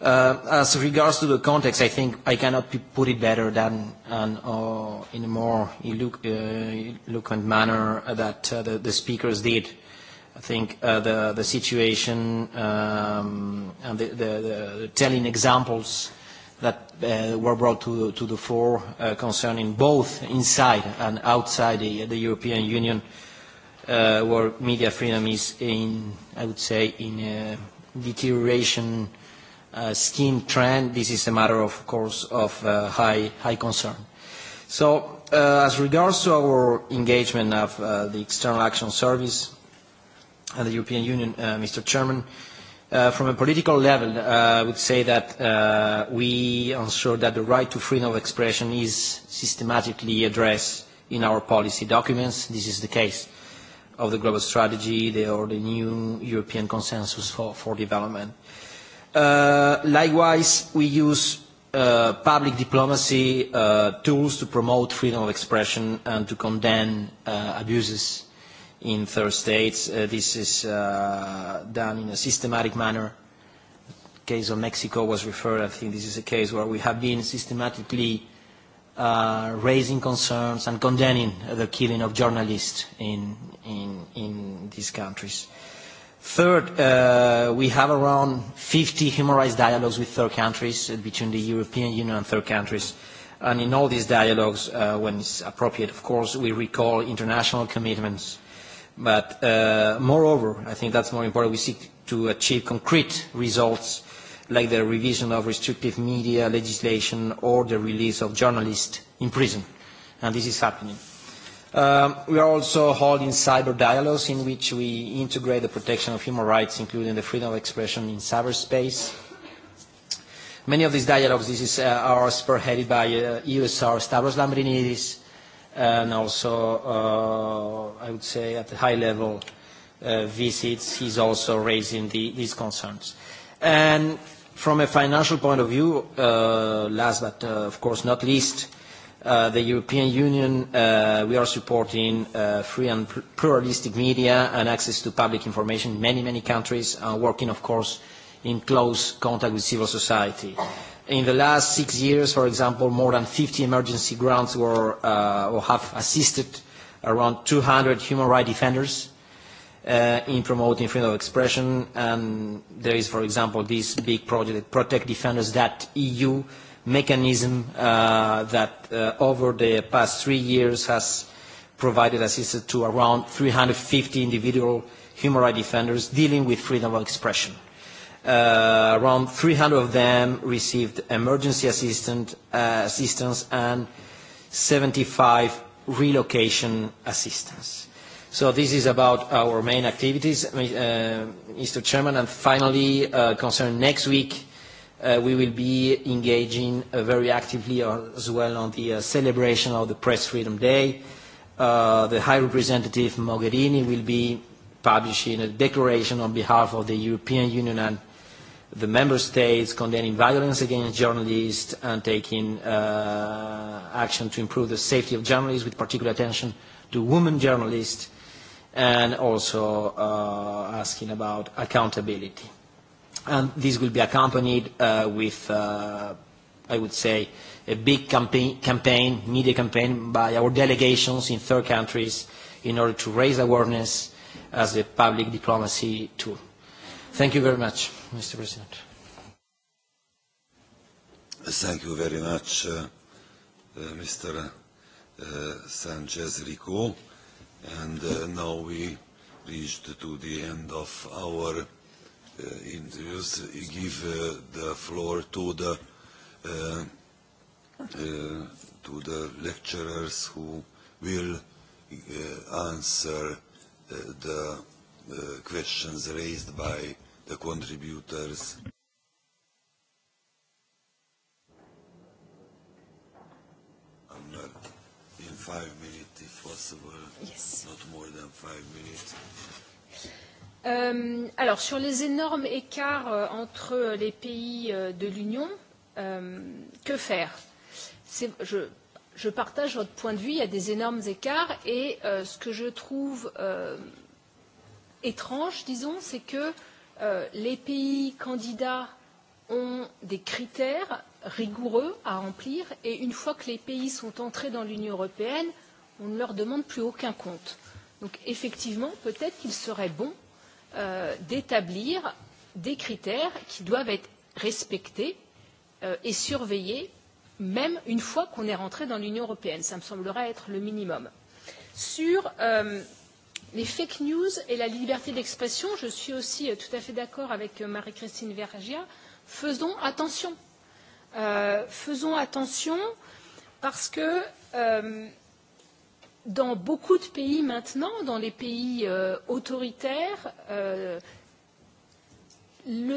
[SPEAKER 7] as regards to the context, I think I cannot put it better than in a more eloquent manner that the, the speakers did I think the the situation and the the telling examples that were brought to to the fore concerning both inside and outside the European Union where media freedom is in I would say in a deterioration scheme trend. This is a matter of course of high high concern. So as regards to our engagement of the External Action Service and the European Union, Mr. Chairman. From a political level, I would say that we ensure that the right to freedom of expression is systematically addressed in our policy documents. This is the case of the Global Strategy or the new European Consensus for Development. Likewise, we use public diplomacy tools to promote freedom of expression and to condemn abuses in third states. This is done in a systematic manner. The case of Mexico was referred. I think this is a case where we have been systematically raising concerns and condemning the killing of journalists in in these countries. Third, we have around 50 human rights dialogues with third countries, between the European Union and third countries. And in all these dialogues, when it's appropriate, of course, we recall international commitments But moreover, I think that's more important, we seek to achieve concrete results like the revision of restrictive media legislation or the release of journalists in prison. And this is happening. We are also holding cyber dialogues in which we integrate the protection of human rights, including the freedom of expression in cyberspace. Many of these dialogues are spearheaded by EUSR Stavros Lambrinidis, and also, I would say, at a high level visits, he's also raising these concerns. And from a financial point of view, last but, of course, not least, the European Union, we are supporting free and pluralistic media and access to public information in many, many countries, and working, of course, in close contact with civil society. In the last six years, for example, more than 50 emergency grants were or have assisted around 200 human rights defenders in promoting freedom of expression. And there is, for example, this big project, Protect Defenders, that EU mechanism that over the past three years has provided assistance to around 350 individual human rights defenders dealing with freedom of expression. Around 300 of them received emergency assistance and 75 relocation assistance. So this is about our main activities, Mr. Chairman. And finally, concerning next week, we will be engaging very actively as well on the celebration of the Press Freedom Day. The High Representative Mogherini will be publishing a declaration on behalf of the European Union and the member states condemning violence against journalists and taking action to improve the safety of journalists with particular attention to women journalists and also asking about accountability. And this will be accompanied with, I would say, a big campaign, media campaign by our delegations in third countries in order to raise awareness as a public diplomacy tool. Thank you very much. Mr. President.
[SPEAKER 1] Thank you very much, Mr. Sanchez Rico. And now we reached to the end of our interviews. Give the floor to the to the lecturers who will answer the questions raised by the contributors. I'm not In five minutes, if possible. Yes. Not more than five minutes.
[SPEAKER 2] Euh, alors, sur les énormes écarts entre les pays de l'Union, euh, que faire je, je partage votre point de vue, il y a des énormes écarts et euh, ce que je trouve euh, étrange, disons, c'est que les pays candidats ont des critères rigoureux à remplir et une fois que les pays sont entrés dans l'Union européenne, on ne leur demande plus aucun compte. Donc effectivement, peut-être qu'il serait bon d'établir des critères qui doivent être respectés et surveillés même une fois qu'on est rentré dans l'Union européenne. Ça me semblerait être le minimum. Sur les fake news et la liberté d'expression je suis aussi tout à fait d'accord avec Marie-Christine Vergia faisons attention faisons attention parce que dans beaucoup de pays maintenant dans les pays autoritaires le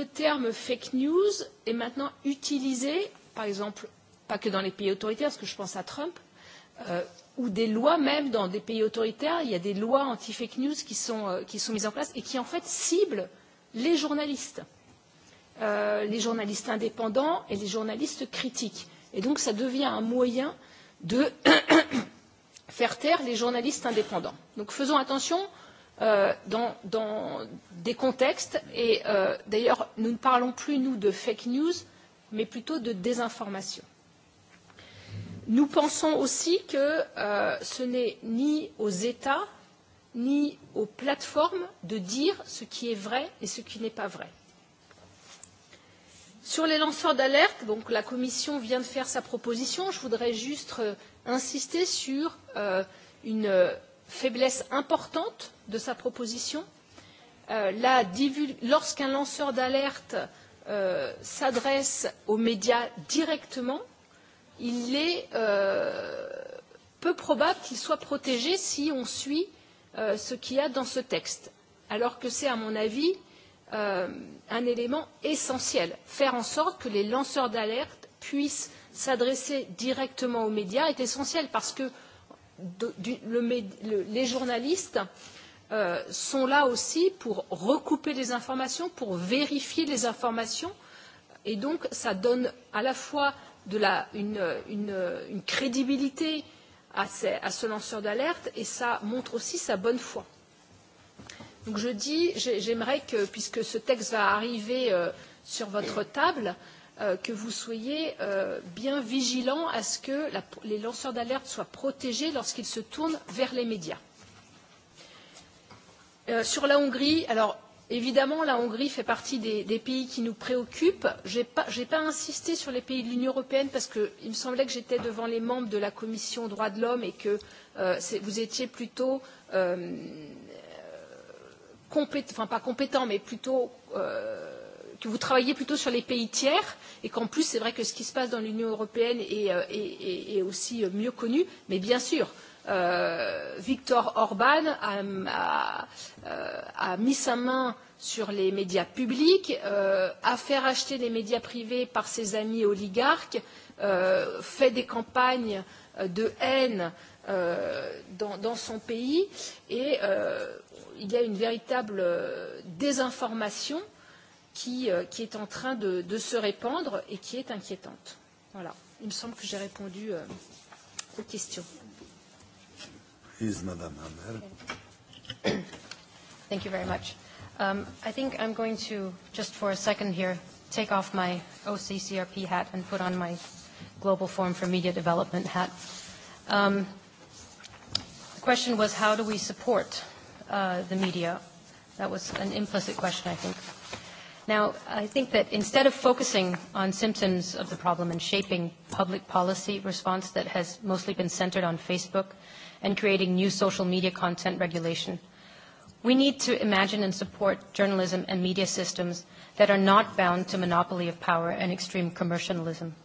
[SPEAKER 2] terme fake news est maintenant utilisé par exemple pas que dans les pays autoritaires parce que je pense à Trump ou des lois même dans des pays autoritaires, il y a des lois anti-fake news qui sont mises en place et qui en fait ciblent les journalistes, les journalistes indépendants et les journalistes critiques. Et donc ça devient un moyen de faire taire les journalistes indépendants. Donc faisons attention dans des contextes et d'ailleurs nous ne parlons plus nous de fake news mais plutôt de désinformation. Nous pensons aussi que ce n'est ni aux États ni aux plateformes de dire ce qui est vrai et ce qui n'est pas vrai. Sur les lanceurs d'alerte, la Commission vient de faire sa proposition. Je voudrais juste insister sur une faiblesse importante de sa proposition. Lorsqu'un lanceur d'alerte s'adresse aux médias directement, il est peu probable qu'il soit protégé si on suit ce qu'il y a dans ce texte, alors que c'est, à mon avis, un élément essentiel faire en sorte que les lanceurs d'alerte puissent s'adresser directement aux médias est essentiel parce que les journalistes sont là aussi pour recouper les informations, pour vérifier les informations, et donc ça donne à la fois de là une crédibilité à ce lanceur d'alerte et ça montre aussi sa bonne foi. Donc je dis, j'aimerais que, puisque ce texte va arriver sur votre table, que vous soyez bien vigilants à ce que les lanceurs d'alerte soient protégés lorsqu'ils se tournent vers les médias. Sur la Hongrie, alors Évidemment, la Hongrie fait partie des pays qui nous préoccupent. Je n'ai pas insisté sur les pays de l'Union européenne parce qu'il me semblait que j'étais devant les membres de la Commission droits de l'homme et que vous étiez plutôt compétent, enfin pas compétent, mais plutôt que vous travaillez plutôt sur les pays tiers et qu'en plus c'est vrai que ce qui se passe dans l'union européenne est aussi mieux connu mais bien sûr Victor Orban a mis sa main sur les médias publics, a fait racheter des médias privés par ses amis oligarques, fait des campagnes de haine dans son pays et il y a une véritable désinformation qui est en train de se répandre et qui est inquiétante. Voilà, il me semble que j'ai répondu aux questions.
[SPEAKER 3] Thank you very much. I think I'm going to, just for a second here, take off my OCCRP hat and put on my Global Forum for Media Development hat. The question was, how do we support the media? That was an implicit question, I think. Now, I think that instead of focusing on symptoms of the problem and shaping public policy response that has mostly been centered on Facebook and creating new social media content regulation, we need to imagine and support journalism and media systems that are not bound to monopoly of power and extreme commercialism.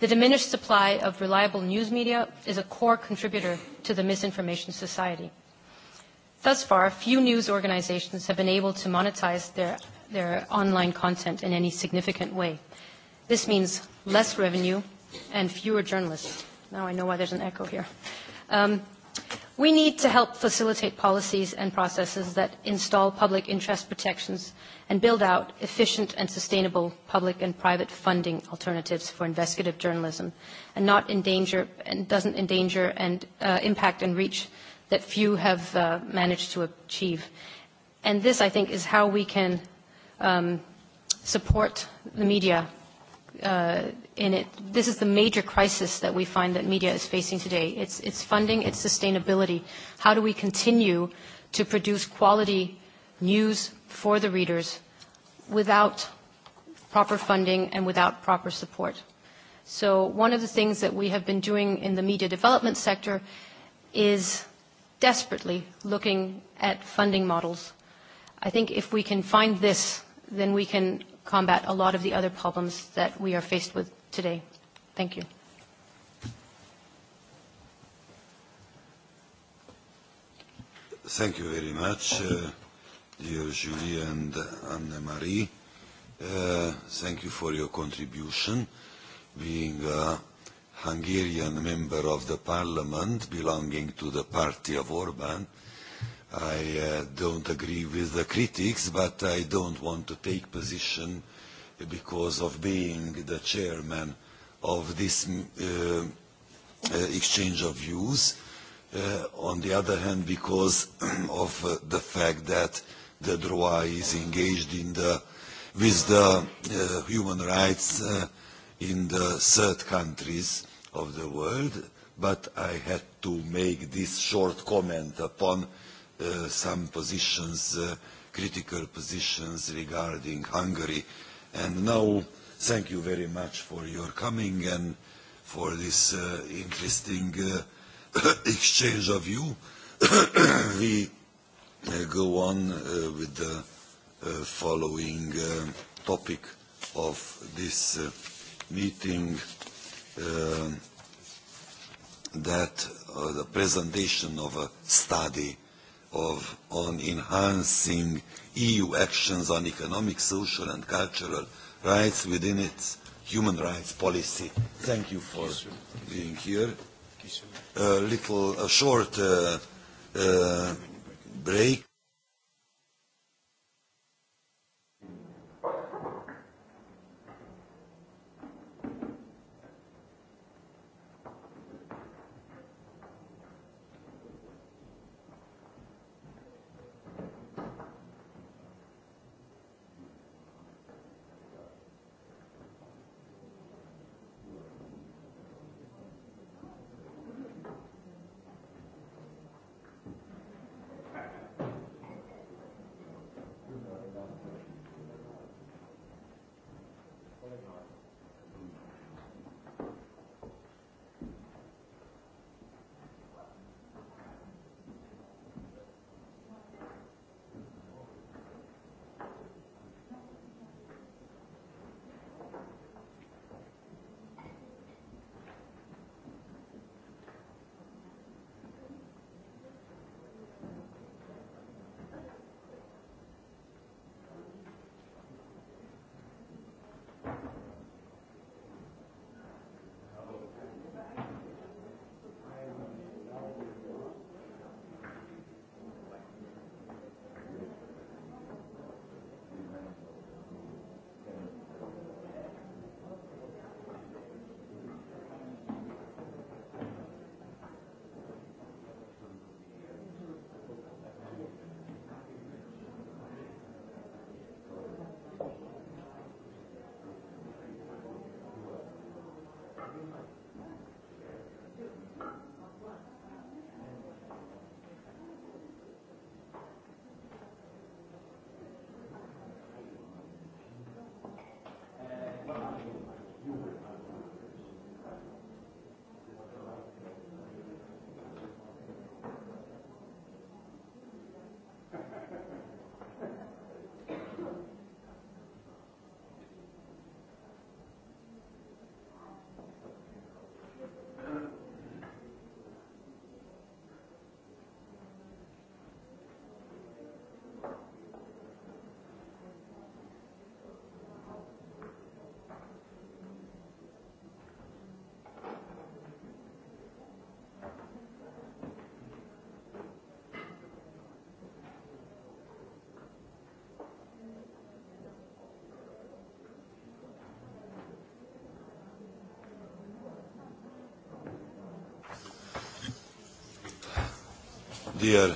[SPEAKER 3] The diminished supply of reliable news media is a core contributor to the misinformation society. Thus far, few news organizations have been able to monetize their their online content in any significant way. This means less revenue and fewer journalists. Now I know why there's an echo here. We need to help facilitate policies and processes that install public interest protections and build out efficient and sustainable public and private funding alternatives for investigative journalism and not endanger and doesn't endanger and impact and reach that few have managed to achieve. And this, I think, is how we can support the media in it. This is the major crisis that we find that media is facing today. It's, it's funding, it's sustainability. How do we continue to produce quality news for the readers without proper funding and without proper support? So one of the things that we have been doing in the media development sector is desperately looking at funding models. I think if we can find this then we can combat a lot of the other problems that we are faced with today. Thank you.
[SPEAKER 1] Thank you very much, dear Julie and Anne-Marie. Thank you for your contribution. Being a Hungarian member of the parliament belonging to the party of Orban, I don't agree with the critics, but I don't want to take position because of being the chairman of this exchange of views. On the other hand, because of the fact that the DROA is engaged in the with the human rights in the third countries of the world, but I had to make this short comment upon some positions, critical positions regarding Hungary. And now, thank you very much for your coming and for this interesting exchange of view. We go on with the following topic of this meeting that the presentation of a study of on enhancing EU actions on economic, social and cultural rights within its human rights policy. Thank you for being here. A little, a short break. Dear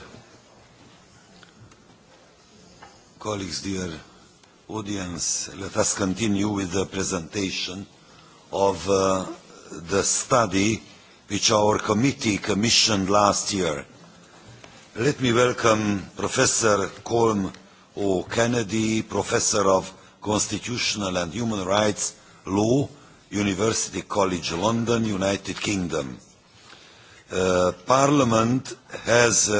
[SPEAKER 1] colleagues, dear audience, let us continue with the presentation of the study which our committee commissioned last year. Let me welcome Professor Colm Kennedy, Professor of Constitutional and Human Rights Law, University College London, United Kingdom. Parliament has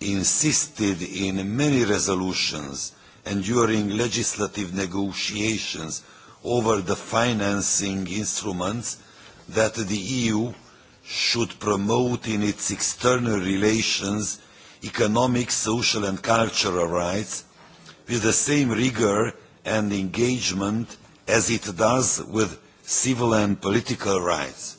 [SPEAKER 1] insisted in many resolutions and during legislative negotiations over the financing instruments that the EU should promote in its external relations economic, social and cultural rights with the same rigor and engagement as it does with civil and political rights.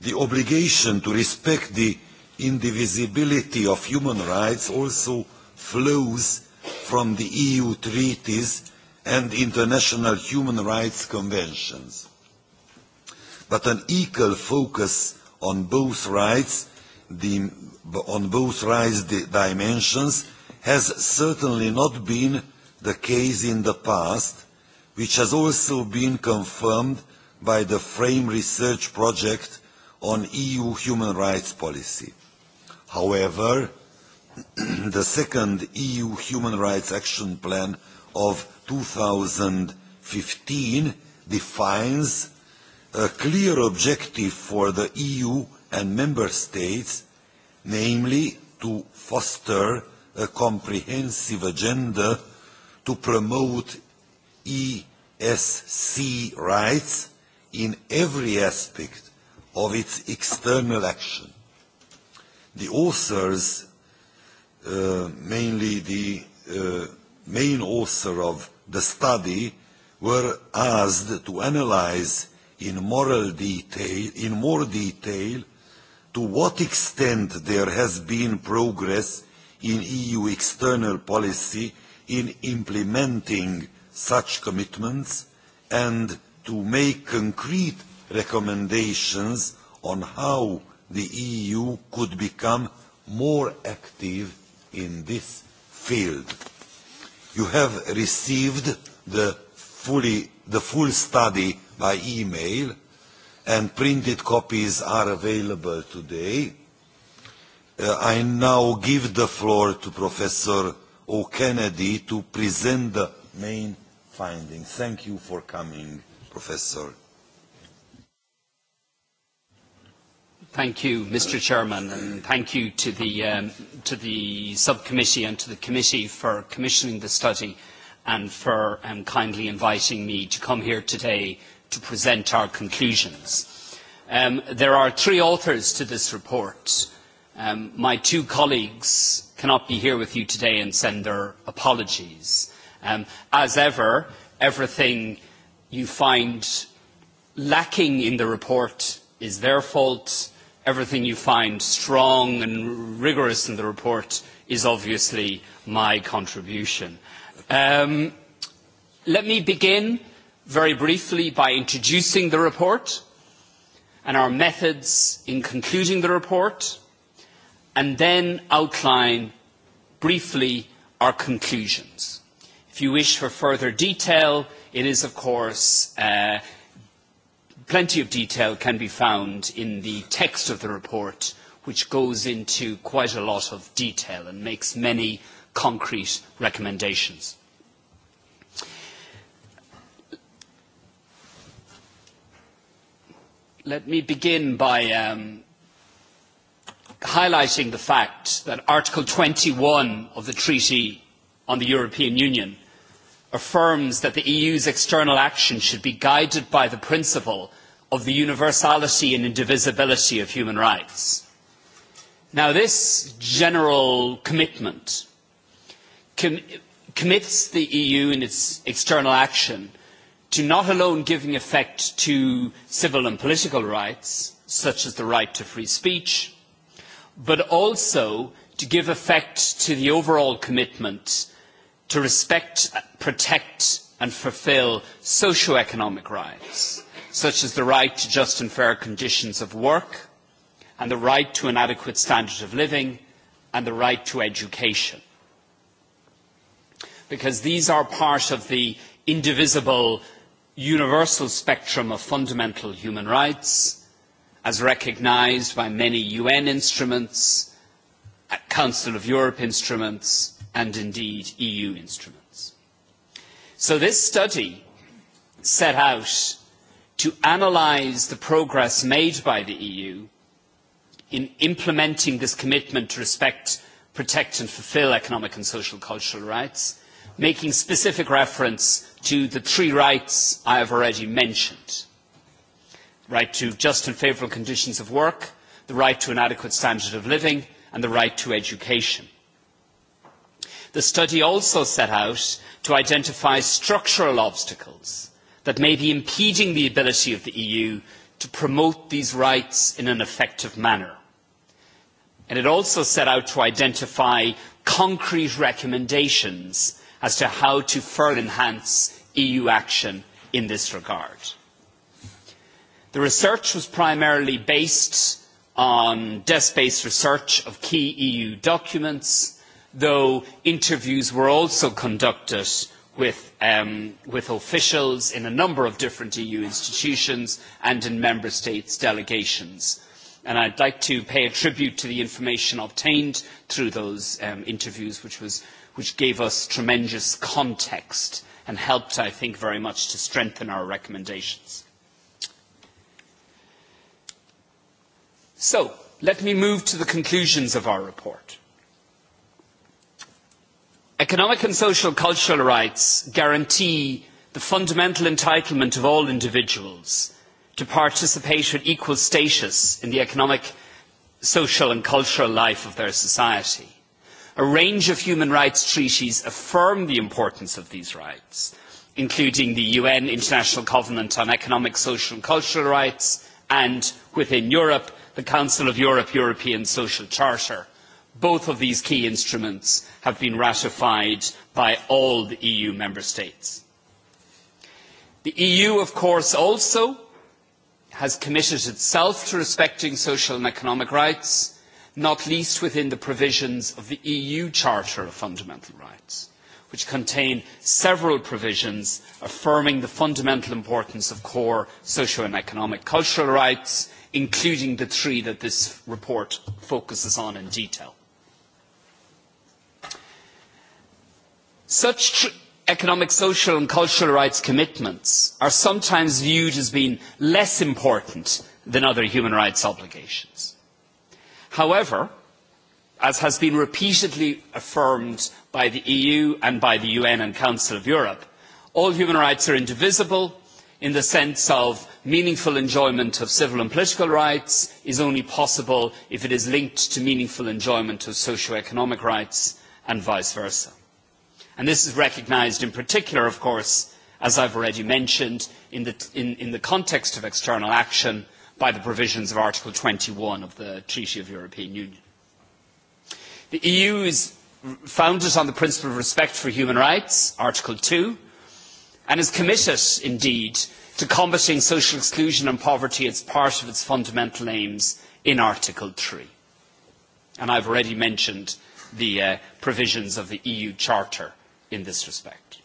[SPEAKER 1] The obligation to respect the indivisibility of human rights also flows from the EU treaties and international human rights conventions. But an equal focus on both rights, on both rights dimensions, has certainly not been the case in the past, which has also been confirmed by the FRAME research project on EU human rights policy. However, the second EU Human Rights Action Plan of 2015 defines a clear objective for the EU and Member States, namely to foster a comprehensive agenda to promote ESC rights in every aspect of its external action the authors, mainly the main author of the study, were asked to analyze in moral detail, in more detail, to what extent there has been progress in EU external policy in implementing such commitments and to make concrete recommendations on how the EU could become more active in this field. You have received the full study by email and printed copies are available today. I now give the floor to Professor O'Kennedy to present the main findings. Thank you for coming, Professor.
[SPEAKER 8] Thank you, Mr. Chairman, and thank you to the subcommittee and to the committee for commissioning the study and for kindly inviting me to come here today to present our conclusions. There are three authors to this report. My two colleagues cannot be here with you today and send their apologies. As ever, everything you find lacking in the report is their fault everything you find strong and rigorous in the report is obviously my contribution. Let me begin very briefly by introducing the report and our methods in concluding the report, and then outline briefly our conclusions. If you wish for further detail, it is, of course, plenty of detail can be found in the text of the report, which goes into quite a lot of detail and makes many concrete recommendations. Let me begin by highlighting the fact that Article twenty one of the Treaty on the European Union affirms that the EU's external action should be guided by the principle of the universality and indivisibility of human rights. Now this general commitment commits the EU in its external action to not alone giving effect to civil and political rights, such as the right to free speech, but also to give effect to the overall commitment to respect protect and fulfil socio-economic rights, such as the right to just and fair conditions of work, and the right to an adequate standard of living, and the right to education. Because these are part of the indivisible universal spectrum of fundamental human rights, as recognised by many UN instruments, Council of Europe instruments, and indeed EU instruments. So this study set out to analyse the progress made by the EU in implementing this commitment to respect, protect and fulfil economic and social cultural rights, making specific reference to the three rights I have already mentioned. The right to just and favourable conditions of work, the right to an adequate standard of living and the right to education. The study also set out to identify structural obstacles that may be impeding the ability of the EU to promote these rights in an effective manner. And it also set out to identify concrete recommendations as to how to further enhance EU action in this regard. The research was primarily based on desk-based research of key EU documents, though interviews were also conducted with officials in a number of different EU institutions and in member states' delegations. And I'd like to pay a tribute to the information obtained through those interviews, which gave us tremendous context and helped, I think, very much to strengthen our recommendations. So, let me move to the conclusions of our report. Economic and social cultural rights guarantee the fundamental entitlement of all individuals to participate with equal status in the economic, social and cultural life of their society. A range of human rights treaties affirm the importance of these rights, including the UN International Covenant on Economic, Social and Cultural Rights and, within Europe, the Council of Europe European Social Charter both of these key instruments have been ratified by all the eu member states. the eu of course also has committed itself to respecting social and economic rights not least within the provisions of the eu charter of fundamental rights which contain several provisions affirming the fundamental importance of core social and economic cultural rights including the three that this report focuses on in detail. Such economic, social and cultural rights commitments are sometimes viewed as being less important than other human rights obligations. However, as has been repeatedly affirmed by the EU and by the UN and Council of Europe, all human rights are indivisible in the sense of meaningful enjoyment of civil and political rights is only possible if it is linked to meaningful enjoyment of socio-economic rights and vice versa. And this is recognised in particular, of course, as I've already mentioned, in the context of external action by the provisions of Article 21 of the Treaty of European Union. The EU is founded on the principle of respect for human rights, Article 2, and is committed, indeed, to combating social exclusion and poverty as part of its fundamental aims in Article 3. And I've already mentioned the provisions of the EU Charter in this respect.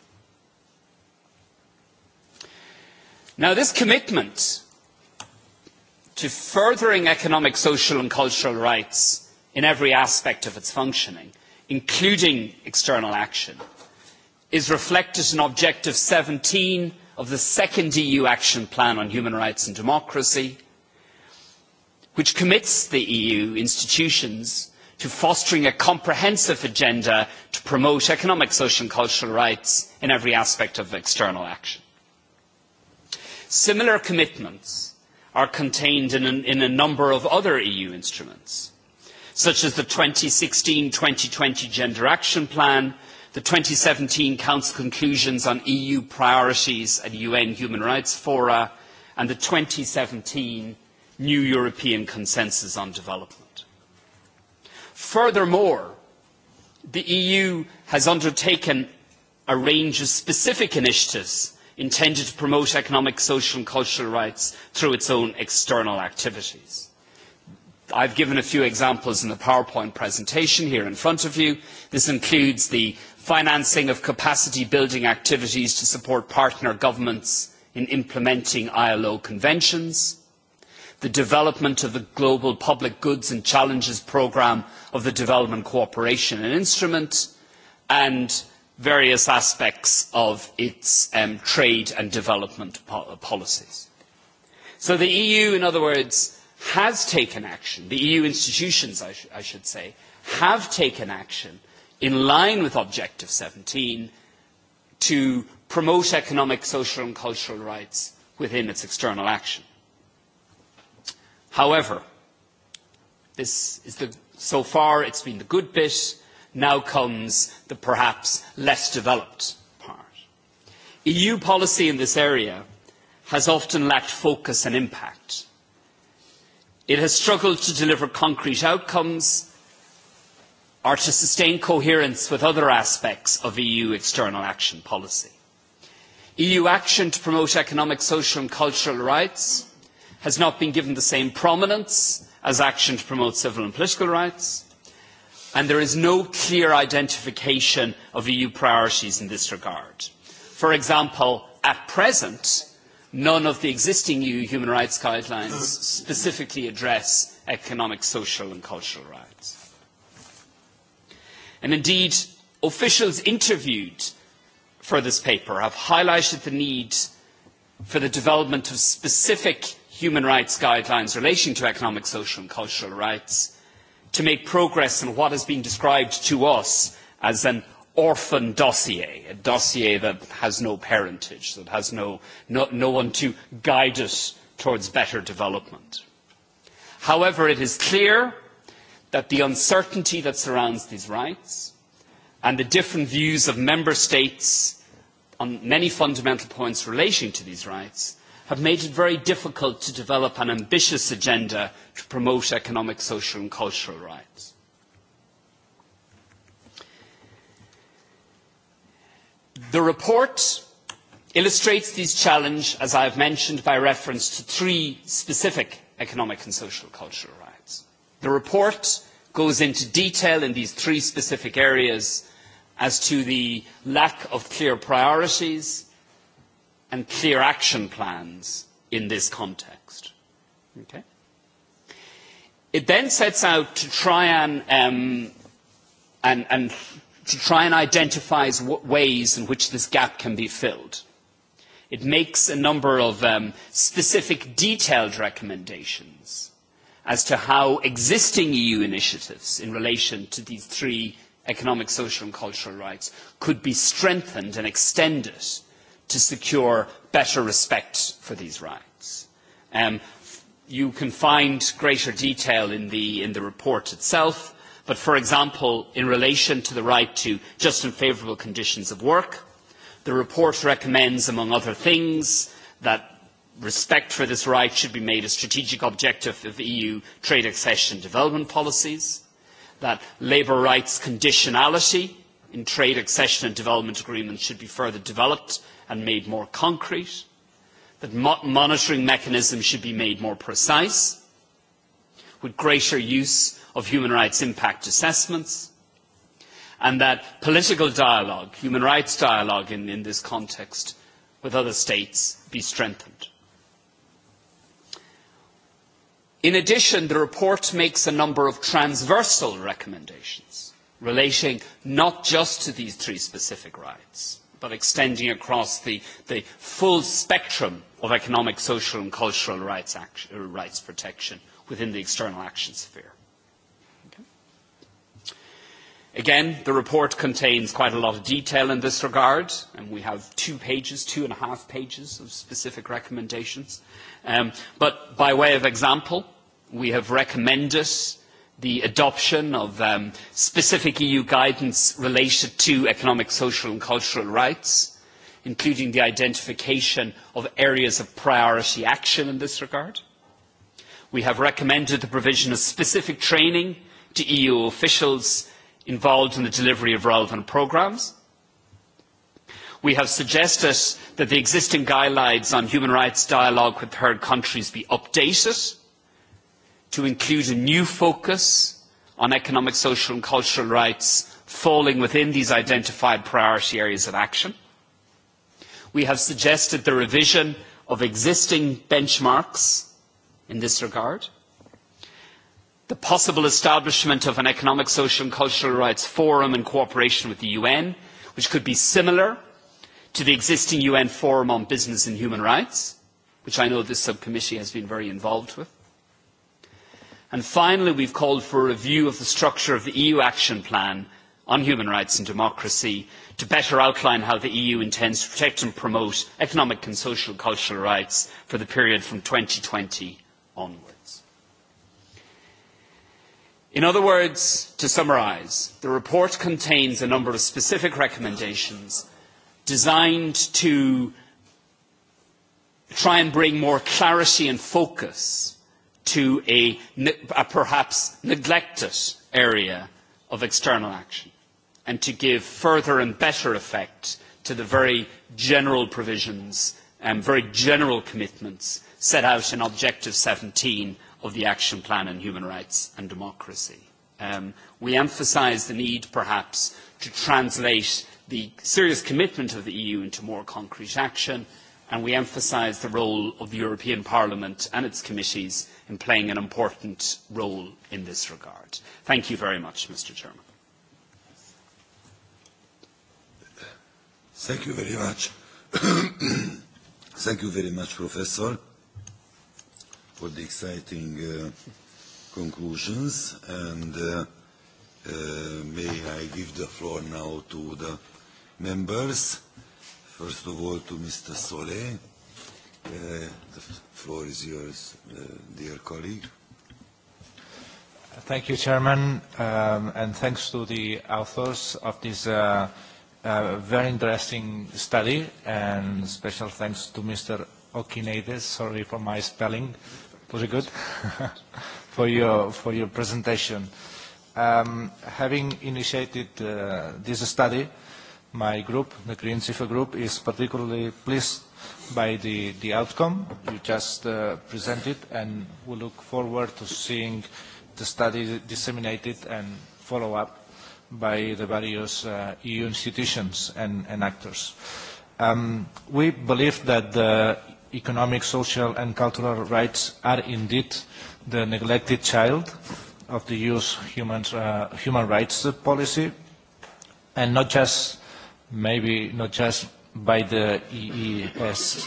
[SPEAKER 8] Now, this commitment to furthering economic, social and cultural rights in every aspect of its functioning, including external action, is reflected in Objective 17 of the second EU Action Plan on Human Rights and Democracy, which commits the EU institutions to fostering a comprehensive agenda to promote economic, social and cultural rights in every aspect of external action. Similar commitments are contained in a number of other EU instruments, such as the 2016-2020 Gender Action Plan, the 2017 Council conclusions on EU priorities at UN human rights fora, and the 2017 New European Consensus on Development. Furthermore, the EU has undertaken a range of specific initiatives intended to promote economic, social and cultural rights through its own external activities. I've given a few examples in the PowerPoint presentation here in front of you. This includes the financing of capacity building activities to support partner governments in implementing ILO conventions, the development of the Global Public Goods and Challenges Programme of the Development Cooperation and Instrument, and various aspects of its trade and development policies. So the EU, in other words, has taken action. The EU institutions, I should say, have taken action in line with Objective 17 to promote economic, social and cultural rights within its external action. However, this is the so far it's been the good bit, now comes the perhaps less developed part. EU policy in this area has often lacked focus and impact. It has struggled to deliver concrete outcomes or to sustain coherence with other aspects of EU external action policy. EU action to promote economic, social and cultural rights has not been given the same prominence as action to promote civil and political rights, and there is no clear identification of EU priorities in this regard. For example, at present, none of the existing EU human rights guidelines specifically address economic, social and cultural rights. And indeed, officials interviewed for this paper have highlighted the need for the development of specific human rights guidelines relating to economic, social and cultural rights to make progress in what has been described to us as an orphan dossier, a dossier that has no parentage, that has no one to guide us towards better development. However, it is clear that the uncertainty that surrounds these rights and the different views of member states on many fundamental points relating to these rights have made it very difficult to develop an ambitious agenda to promote economic, social and cultural rights. The report illustrates these challenges, as I have mentioned, by reference to three specific economic and social cultural rights. The report goes into detail in these three specific areas as to the lack of clear priorities, and clear action plans in this context. It then sets out to try and to try and identify ways in which this gap can be filled. It makes a number of specific detailed recommendations as to how existing EU initiatives in relation to these three economic, social and cultural rights could be strengthened and extended to secure better respect for these rights. You can find greater detail in the report itself, but, for example, in relation to the right to just and favourable conditions of work, the report recommends, among other things, that respect for this right should be made a strategic objective of EU trade accession development policies, that labour rights conditionality in trade accession and development agreements should be further developed and made more concrete, that monitoring mechanisms should be made more precise, with greater use of human rights impact assessments, and that political dialogue, human rights dialogue in this context with other states be strengthened. In addition, the report makes a number of transversal recommendations relating not just to these three specific rights, but extending across the full spectrum of economic, social and cultural rights protection within the external action sphere. Again, the report contains quite a lot of detail in this regard, and we have two pages, two and a half pages of specific recommendations. But by way of example, we have recommended the adoption of specific EU guidance related to economic, social and cultural rights, including the identification of areas of priority action in this regard. We have recommended the provision of specific training to EU officials involved in the delivery of relevant programmes. We have suggested that the existing guidelines on human rights dialogue with third countries be updated to include a new focus on economic, social and cultural rights falling within these identified priority areas of action. We have suggested the revision of existing benchmarks in this regard, the possible establishment of an economic, social and cultural rights forum in cooperation with the UN, which could be similar to the existing UN forum on business and human rights, which I know this subcommittee has been very involved with, And finally, we've called for a review of the structure of the EU Action Plan on Human Rights and Democracy to better outline how the EU intends to protect and promote economic and social cultural rights for the period from 2020 onwards. In other words, to summarise, the report contains a number of specific recommendations designed to try and bring more clarity and focus to a perhaps neglected area of external action and to give further and better effect to the very general provisions and very general commitments set out in Objective 17 of the Action Plan on Human Rights and Democracy. We emphasise the need, perhaps, to translate the serious commitment of the EU into more concrete action, and we emphasise the role of the European Parliament and its committees in playing an important role in this regard. Thank you very much, Mr. Chairman.
[SPEAKER 1] Thank you very much. Thank you very much, Professor, for the exciting conclusions. And may I give the floor now to the members. First of all, to Mr. Solé floor is yours, dear colleague.
[SPEAKER 5] Thank you, Chairman, and thanks to the authors of this very interesting study, and special thanks to Mr. Okinades, sorry for my spelling, was it good, for your for your presentation. Having initiated this study, my group, the Green Cipher Group, is particularly pleased by the, the outcome you just presented, and we look forward to seeing the study disseminated and follow up by the various EU institutions and actors. We believe that the economic, social and cultural rights are indeed the neglected child of the EU's human rights policy, and not just, maybe not just by the EEAS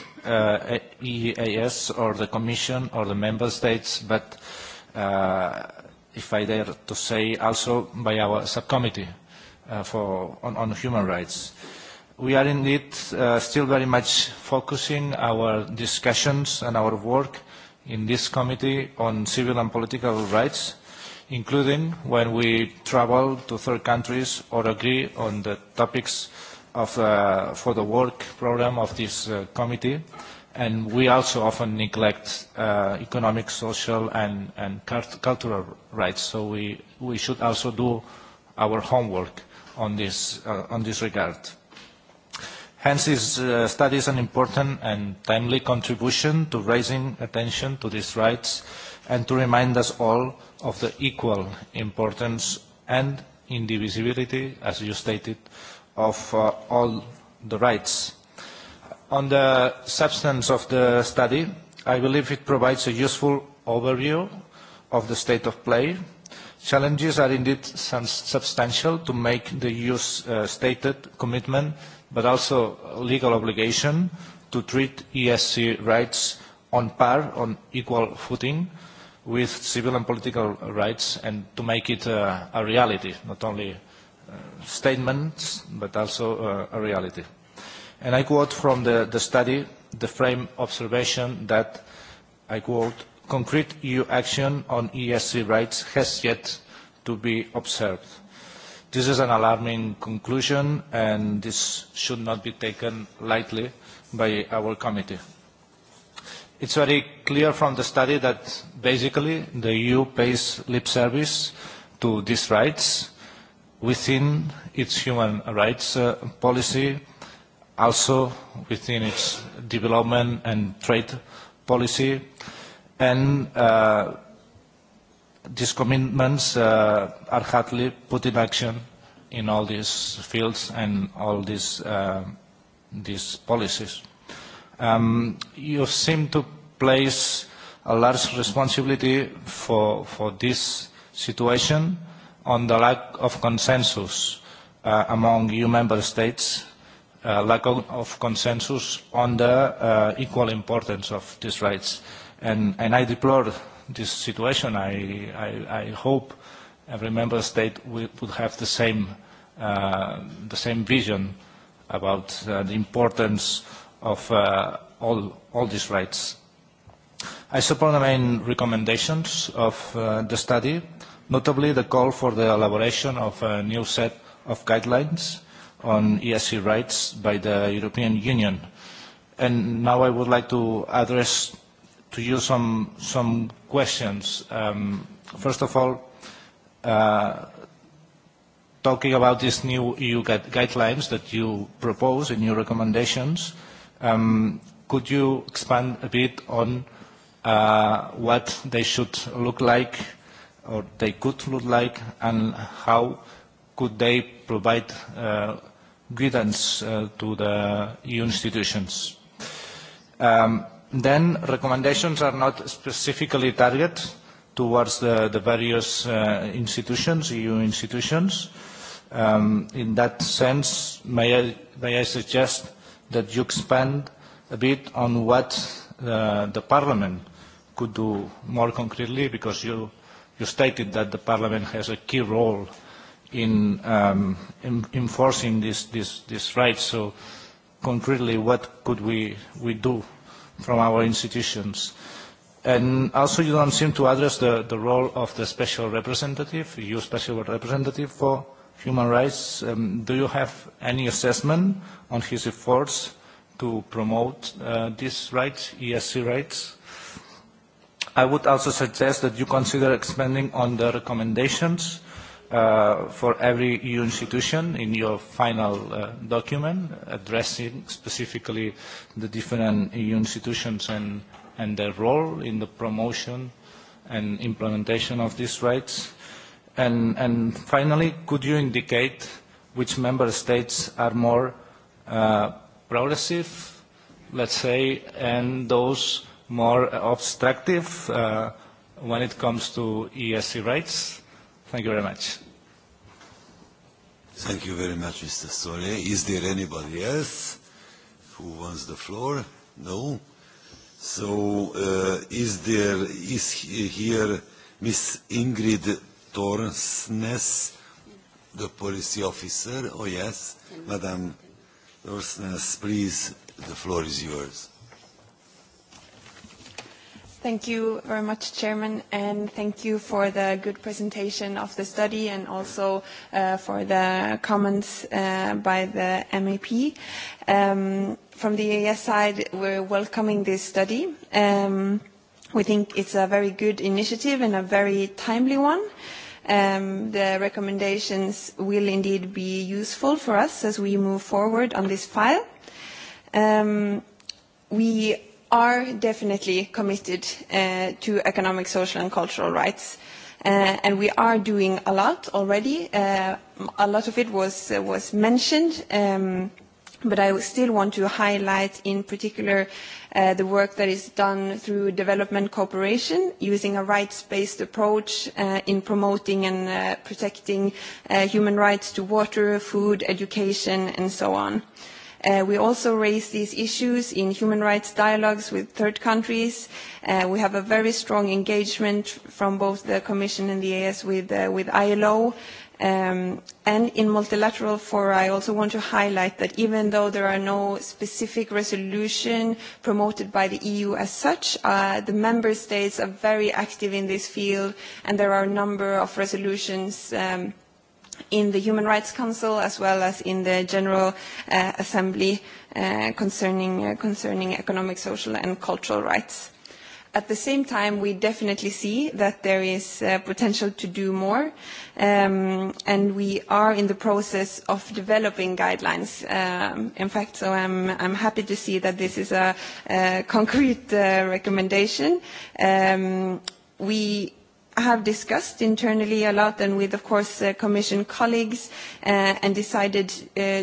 [SPEAKER 5] or the Commission or the Member States, but if I dare to say also by our subcommittee for on human rights. We are indeed still very much focusing our discussions and our work in this committee on civil and political rights, including when we travel to third countries or agree on the topics of for the work program of this committee, and we also often neglect economic, social, and, and cultural rights. So we, we should also do our homework on this, on this regard. Hence, this study is an important and timely contribution to raising attention to these rights and to remind us all of the equal importance and indivisibility, as you stated, of all the rights. On the substance of the study, I believe it provides a useful overview of the state of play. Challenges are indeed substantial to make the EU's stated commitment, but also legal obligation to treat ESC rights on par, on equal footing with civil and political rights, and to make it a reality, not only statements, but also a reality. And I quote from the study the frame observation that, I quote, concrete EU action on ESC rights has yet to be observed. This is an alarming conclusion, and this should not be taken lightly by our committee. It's very clear from the study that basically the EU pays lip service to these rights within its human rights policy, also within its development and trade policy. And these commitments are hardly put in action in all these fields and all these these policies. You seem to place a large responsibility for for this situation on the lack of consensus among EU member states, lack of consensus on the equal importance of these rights. And I deplore this situation. I hope every member state would have the same the same vision about the importance of all these rights. I support the main recommendations of the study notably the call for the elaboration of a new set of guidelines on ESC rights by the European Union. And now I would like to address to you some some questions. First of all, talking about these new EU guidelines that you propose in your recommendations, could you expand a bit on what they should look like or they could look like and how could they provide guidance to the EU institutions. Then recommendations are not specifically targeted towards the various institutions, EU institutions. In that sense, may I suggest that you expand a bit on what the Parliament could do more concretely, because you you stated that the Parliament has a key role in enforcing this rights. So concretely, what could we do from our institutions? And also, you don't seem to address the role of the special representative, EU special representative for human rights. Do you have any assessment on his efforts to promote these rights, ESC rights? I would also suggest that you consider expanding on the recommendations for every EU institution in your final document, addressing specifically the different EU institutions and their role in the promotion and implementation of these rights. and finally, could you indicate which member states are more progressive, let's say, and those more obstructive when it comes to ESC rights. Thank you very much.
[SPEAKER 1] Thank you very much, Mr. Solé. Is there anybody else who wants the floor? No. So is there is here Ms. Ingrid Tornsnes, the policy officer? Oh yes, Madam Tornsnes, please, the floor is yours.
[SPEAKER 9] Thank you very much, Chairman, and thank you for the good presentation of the study and also for the comments by the MEP. From the EAS side, we're welcoming this study. We think it's a very good initiative and a very timely one. The recommendations will indeed be useful for us as we move forward on this file. We are definitely committed to economic, social and cultural rights and we are doing a lot already. A lot of it was mentioned, but I still want to highlight in particular the work that is done through development cooperation, using a rights-based approach in promoting and protecting human rights to water, food, education, and so on. We also raise these issues in human rights dialogues with third countries. We have a very strong engagement from both the Commission and the AS with ILO. And in multilateral fora, I also want to highlight that even though there are no specific resolution promoted by the EU as such, the member states are very active in this field, and there are a number of resolutions in the Human Rights Council as well as in the General Assembly concerning economic, social and cultural rights. At the same time, we definitely see that there is potential to do more, and we are in the process of developing guidelines. In fact, so I'm happy to see that this is a concrete recommendation. We have discussed internally a lot and with, of course, Commission colleagues and decided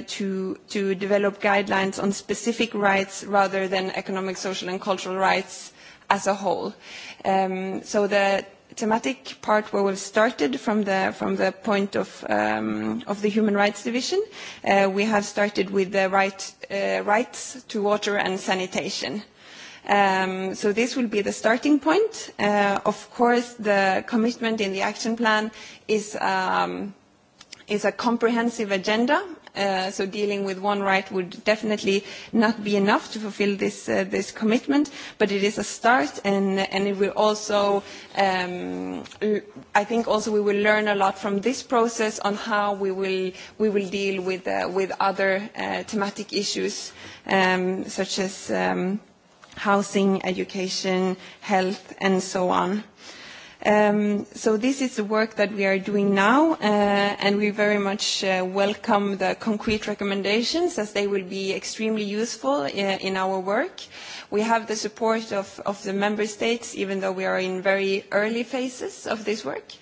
[SPEAKER 9] to develop guidelines on specific rights rather than economic, social and cultural rights as a whole. So the thematic part where we've started from the point of the Human Rights Division, we have started with the right rights to water and sanitation So this will be the starting point. Of course, the commitment in the action plan is a comprehensive agenda, so dealing with one right would definitely not be enough to fulfill this commitment, but it is a start, and it will also, I think also we will learn a lot from this process on how we will deal with other thematic issues, such as housing, education, health, and so on. So this is the work that we are doing now, and we very much welcome the concrete recommendations as they will be extremely useful in our work. We have the support of the member states, even though we are in very early phases of this work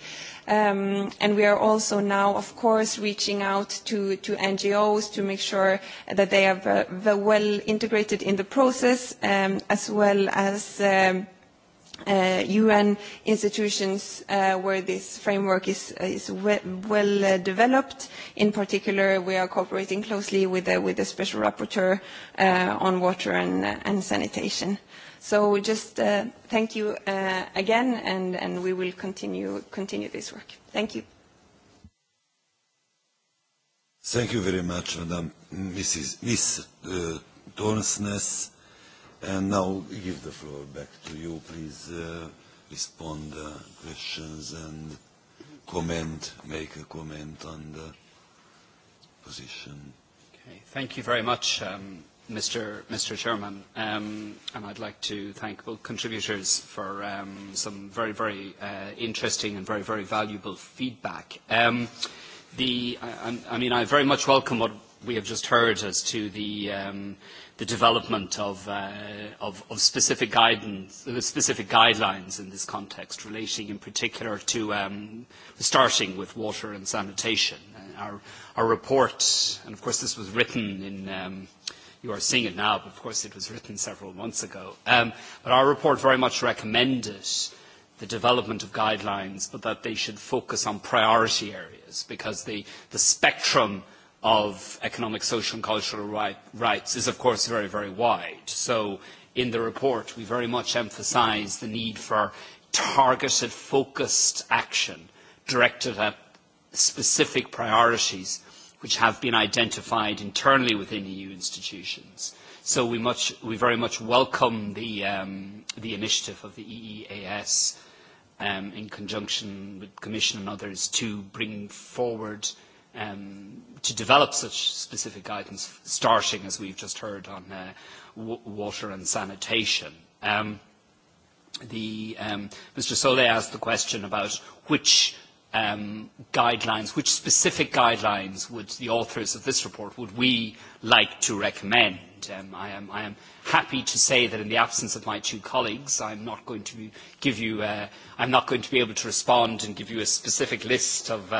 [SPEAKER 9] And we are also now, of course, reaching out to NGOs to make sure that they are well integrated in the process, as well as UN institutions where this framework is well developed. In particular, we are cooperating closely with the Special Rapporteur on Water and Sanitation. So just thank you again, and we will continue this work. Thank you.
[SPEAKER 1] Thank you very much, Madam Mrs. Miss And now give the floor back to you. Please respond to questions and comment, make a comment on the position.
[SPEAKER 8] Thank you very much, Mr. Chairman. And I'd like to thank both contributors for some very, very interesting and very, very valuable feedback. I mean, I very much welcome what we have just heard as to the the development of specific guidance, specific guidelines in this context, relating in particular to starting with water and sanitation. Our report, and of course this was written in, you are seeing it now, but of course it was written several months ago. But our report very much recommended the development of guidelines, but that they should focus on priority areas, because the spectrum of economic, social and cultural rights is, of course, very, very wide. So in the report, we very much emphasise the need for targeted, focused action directed at specific priorities which have been identified internally within EU institutions. So we very much welcome the initiative of the EEAS in conjunction with Commission and others to bring forward to develop such specific guidance, starting, as we've just heard, on water and sanitation. Mr. Solé asked the question about which guidelines, which specific guidelines would the authors of this report, would we like to recommend. I am happy to say that in the absence of my two colleagues, I'm not going to give you, I'm not going to be able to respond and give you a specific list of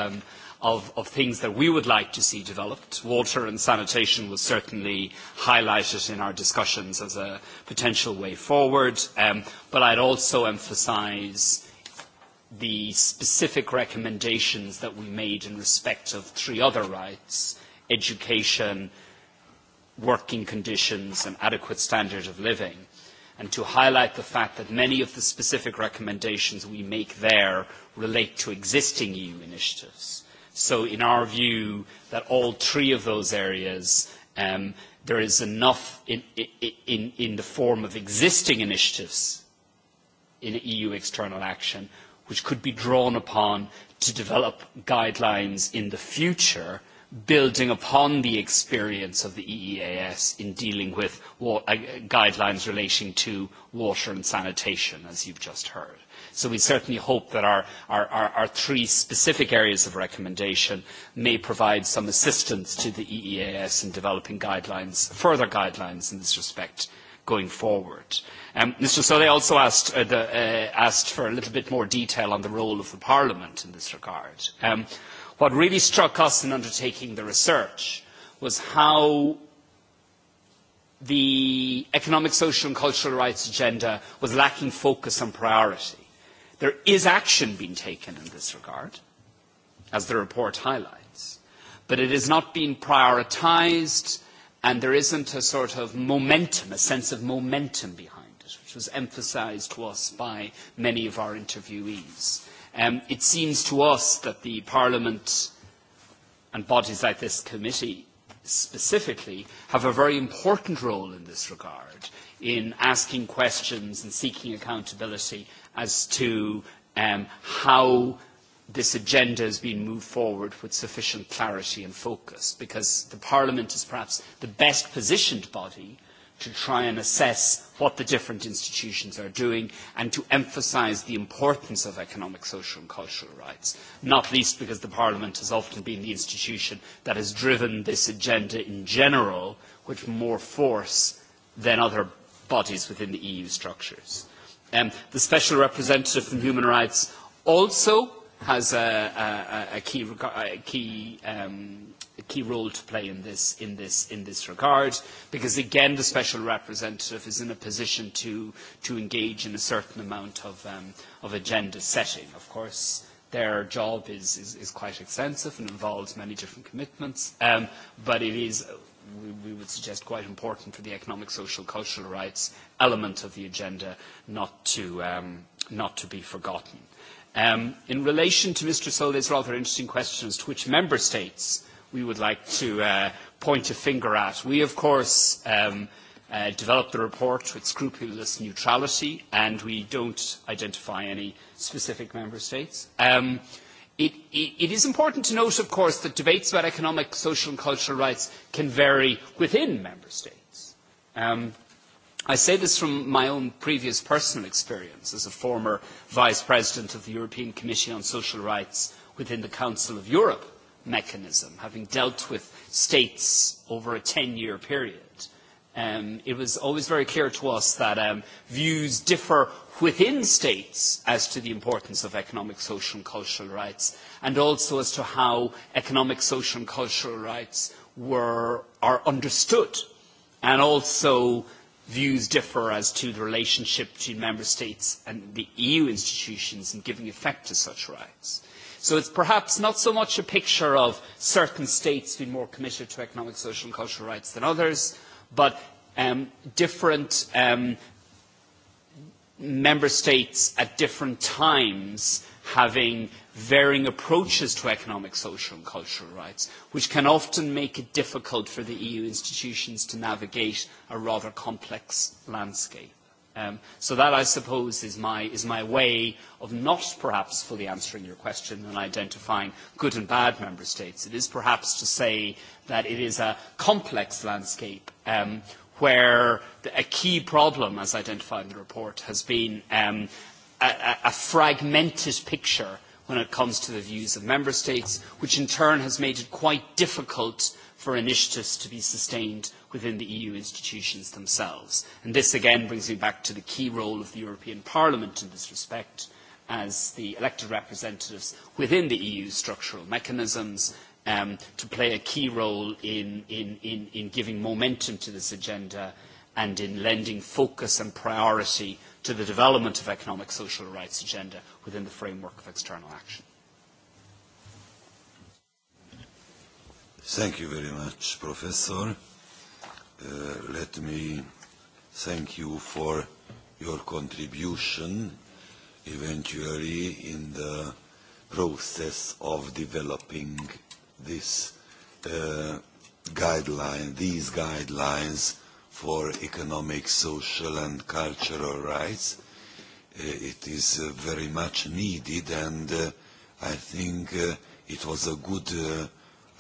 [SPEAKER 8] of things that we would like to see developed. Water and sanitation was certainly highlighted in our discussions as a potential way forward, but I'd also emphasise the specific recommendations that we made in respect of three other rights, education, working conditions and adequate standard of living, and to highlight the fact that many of the specific recommendations we make there relate to existing EU initiatives. So in our view, that all three of those areas, there is enough in the form of existing initiatives in EU external action, which could be drawn upon to develop guidelines in the future, building upon the experience of the EEAS in dealing with guidelines relating to water and sanitation, as you've just heard. So we certainly hope that our three specific areas of recommendation may provide some assistance to the EEAS in developing guidelines, further guidelines in this respect going forward. Mr. Solé also asked for a little bit more detail on the role of the Parliament in this regard. What really struck us in undertaking the research was how the economic, social and cultural rights agenda was lacking focus and priority. There is action being taken in this regard, as the report highlights, but it is not being prioritised and there isn't a sort of momentum, a sense of momentum behind it, which was emphasised to us by many of our interviewees. It seems to us that the Parliament and bodies like this committee specifically have a very important role in this regard in asking questions and seeking accountability as to how this agenda has been moved forward with sufficient clarity and focus, because the Parliament is perhaps the best positioned body to try and assess what the different institutions are doing and to emphasise the importance of economic, social and cultural rights, not least because the Parliament has often been the institution that has driven this agenda in general with more force than other bodies within the EU structures. The Special Representative for Human Rights also has a key role to play in this regard, because again the Special Representative is in a position to engage in a certain amount of agenda setting. Of course, their job is quite extensive and involves many different commitments, but it is we would suggest quite important for the economic, social, cultural rights element of the agenda not to be forgotten. In relation to Mr. Solis, rather interesting question as to which member states we would like to point a finger at, we, of course, developed the report with scrupulous neutrality, and we don't identify any specific member states. It is important to note, of course, that debates about economic, social and cultural rights can vary within member states. I say this from my own previous personal experience as a former vice president of the European Commission on Social Rights within the Council of Europe mechanism, having dealt with states over a 10-year period It was always very clear to us that views differ within states as to the importance of economic, social and cultural rights, and also as to how economic, social and cultural rights are understood. And also views differ as to the relationship between member states and the EU institutions in giving effect to such rights. So it's perhaps not so much a picture of certain states being more committed to economic, social and cultural rights than others, but different member states at different times having varying approaches to economic, social and cultural rights, which can often make it difficult for the EU institutions to navigate a rather complex landscape. So that, I suppose, is my way of not perhaps fully answering your question and identifying good and bad member states. It is perhaps to say that it is a complex landscape where a key problem, as identified in the report, has been a fragmented picture when it comes to the views of member states, which in turn has made it quite difficult for initiatives to be sustained within the EU institutions themselves. And this again brings me back to the key role of the European Parliament in this respect as the elected representatives within the EU structural mechanisms to play a key role in giving momentum to this agenda and in lending focus and priority to the development of economic social rights agenda within the framework of external action.
[SPEAKER 1] Thank you very much, Professor. Let me thank you for your contribution eventually in the process of developing this guideline, these guidelines for economic, social and cultural rights. It is very much needed and I think it was a good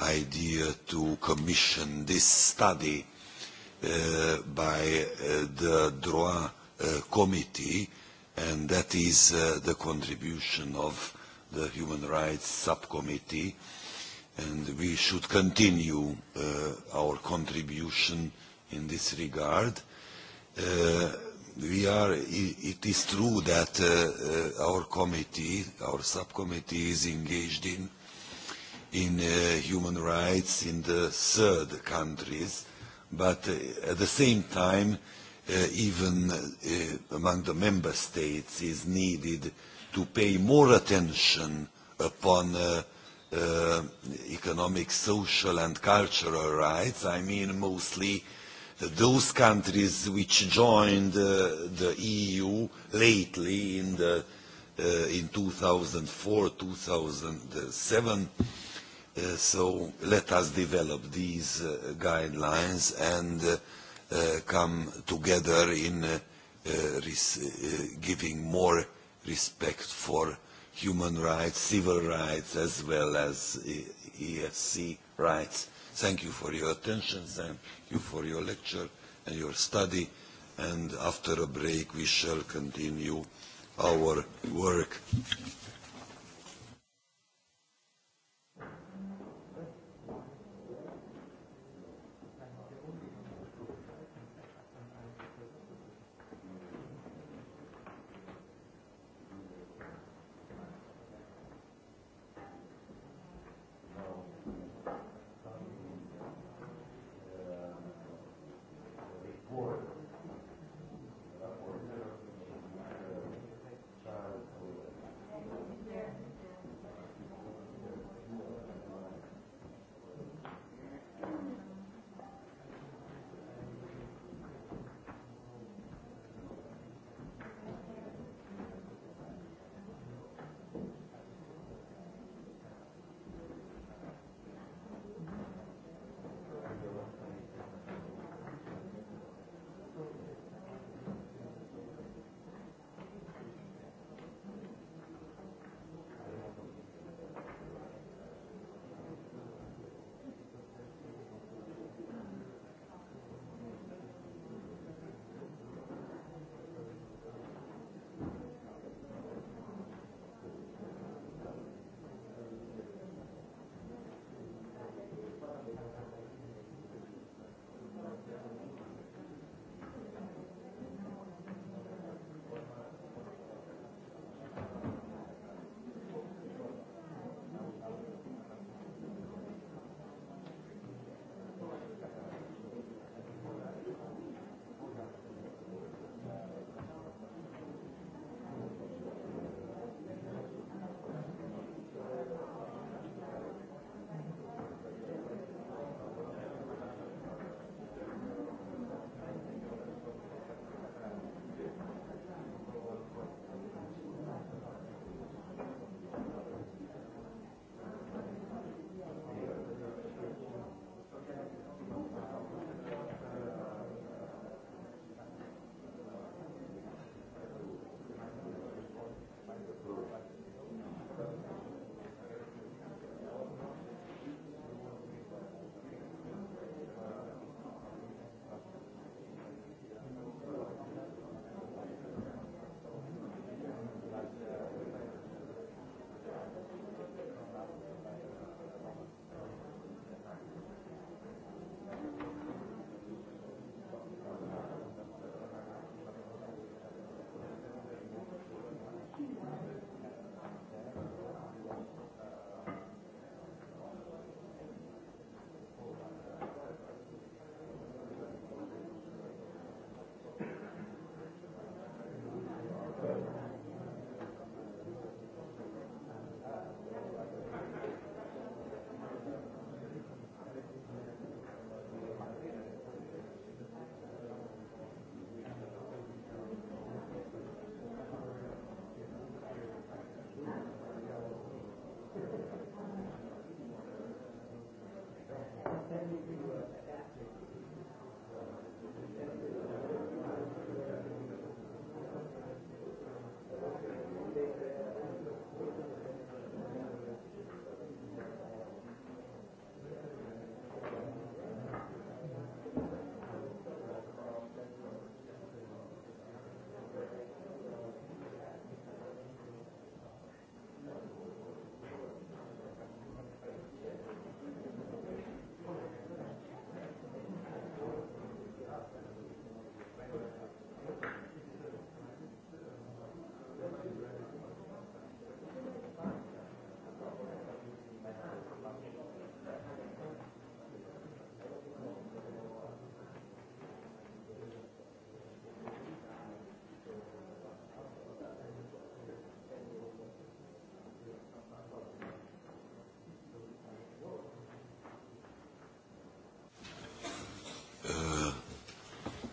[SPEAKER 1] idea to commission this study by the DROA committee, and that is the contribution of the Human Rights Subcommittee, and we should continue our contribution in this regard. We are, it is true that our committee, our subcommittee is engaged in human rights in the third countries, but at the same time even among the member states is needed to pay more attention upon economic, social and cultural rights. I mean mostly those countries which joined the EU lately in in 2004-2007 So let us develop these guidelines and come together in giving more respect for human rights, civil rights, as well as ESC rights. Thank you for your attention, thank you for your lecture and your study, and after a break we shall continue our work.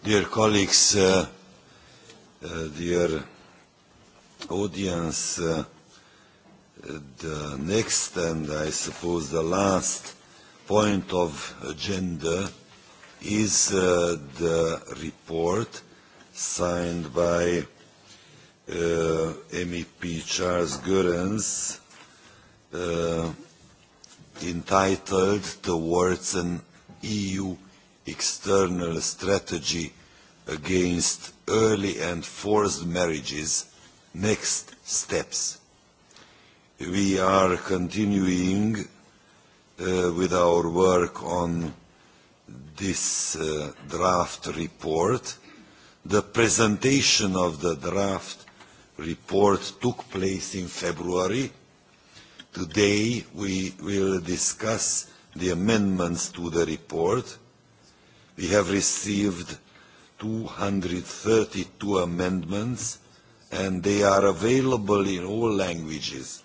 [SPEAKER 1] Dear colleagues, dear audience, the next and I suppose the last point of agenda is the report signed by MEP Charles Goerens entitled Towards an EU External Strategy against early and forced marriages next steps we are continuing with our work on this draft report the presentation of the draft report took place in february today we will discuss the amendments to the report we have received 232 amendments and they are available in all languages.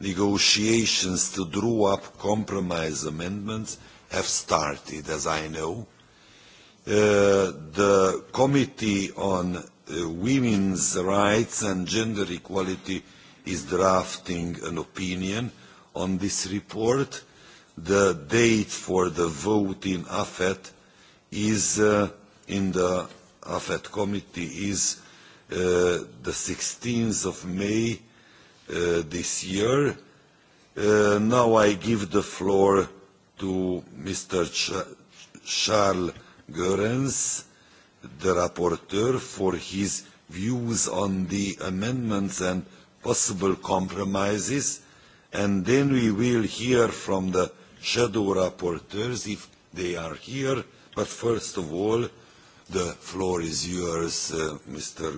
[SPEAKER 1] Negotiations to draw up compromise amendments have started, as I know. The Committee on Women's Rights and Gender Equality is drafting an opinion on this report. The date for the vote in AFET is in the AFET committee is the 16th of May this year. Now I give the floor to Mr. Charles Goerens, the rapporteur, for his views on the amendments and possible compromises, and then we will hear from the shadow rapporteurs if they are here. But first of all, The floor is yours, Mr.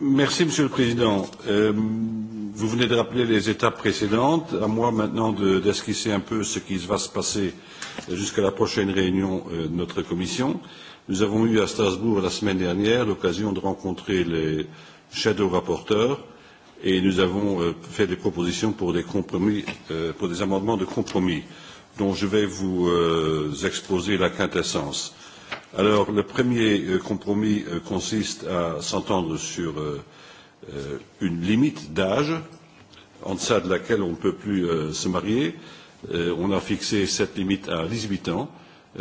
[SPEAKER 10] Merci, Monsieur le Président. Vous venez de rappeler les étapes précédentes. À moi maintenant d'esquisser un peu ce qui va se passer jusqu'à la prochaine réunion de notre commission. Nous avons eu à Strasbourg la semaine dernière l'occasion de rencontrer les shadow rapporteurs et nous avons fait des propositions pour des amendements de compromis dont je vais vous exposer la quintessence. Alors, le premier compromis consiste à s'entendre sur une limite d'âge en deçà de laquelle on ne peut plus se marier. On a fixé cette limite à 18 ans